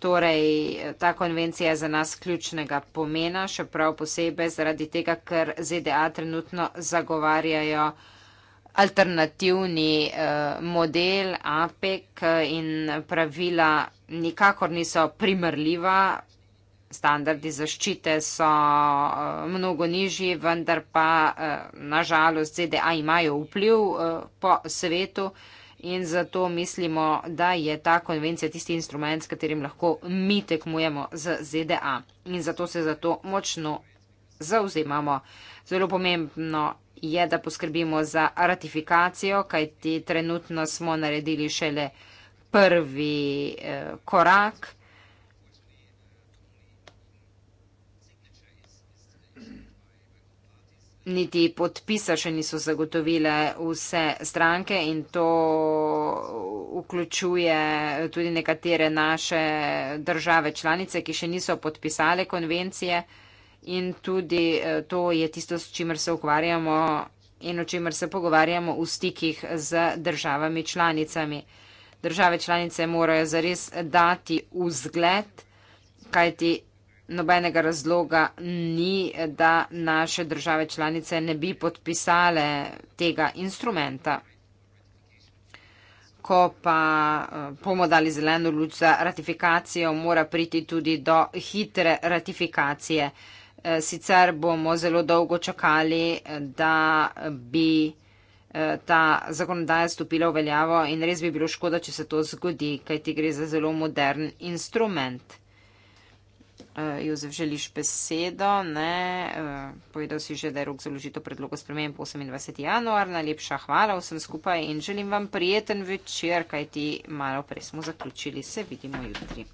Torej, ta konvencija je za nas ključnega pomena, še prav posebej zaradi tega, ker ZDA trenutno zagovarjajo alternativni eh, model APEC in pravila nikakor niso primerljiva. Standardi zaščite so eh, mnogo nižji, vendar pa eh, nažalost ZDA imajo vpliv po svetu in zato mislimo, da je ta konvencija tisti instrument, s katerim lahko mi tekmujemo z ZDA. In zato se zato močno zauzemamo. Zelo pomembno je, da poskrbimo za ratifikacijo, kajti trenutno smo naredili šele prvi eh, korak. niti podpisa še niso zagotovile vse stranke in to vključuje tudi nekatere naše države članice, ki še niso podpisale konvencije in tudi eh, to je tisto, s čimer se ukvarjamo in o čemer se pogovarjamo v stikih z državami članicami. Države članice morajo zares dati vzgled, kajti nobenega razloga ni, da naše države članice ne bi podpisale tega instrumenta. Ko pa eh, bomo dali zeleno luč za ratifikacijo, mora priti tudi do hitre ratifikacije. Eh, sicer bomo zelo dolgo čakali, eh, da bi ta zakonodaja stopila v veljavo in res bi bilo škoda, če se to zgodi, kajti gre za zelo modern instrument. Uh, Jozef, želiš besedo? Ne. Uh, povedal si že, da je rok za ložitev predloga spremenj 28. januar. Najlepša hvala vsem skupaj in želim vam prijeten večer, kajti malo prej smo zaključili, se vidimo jutri.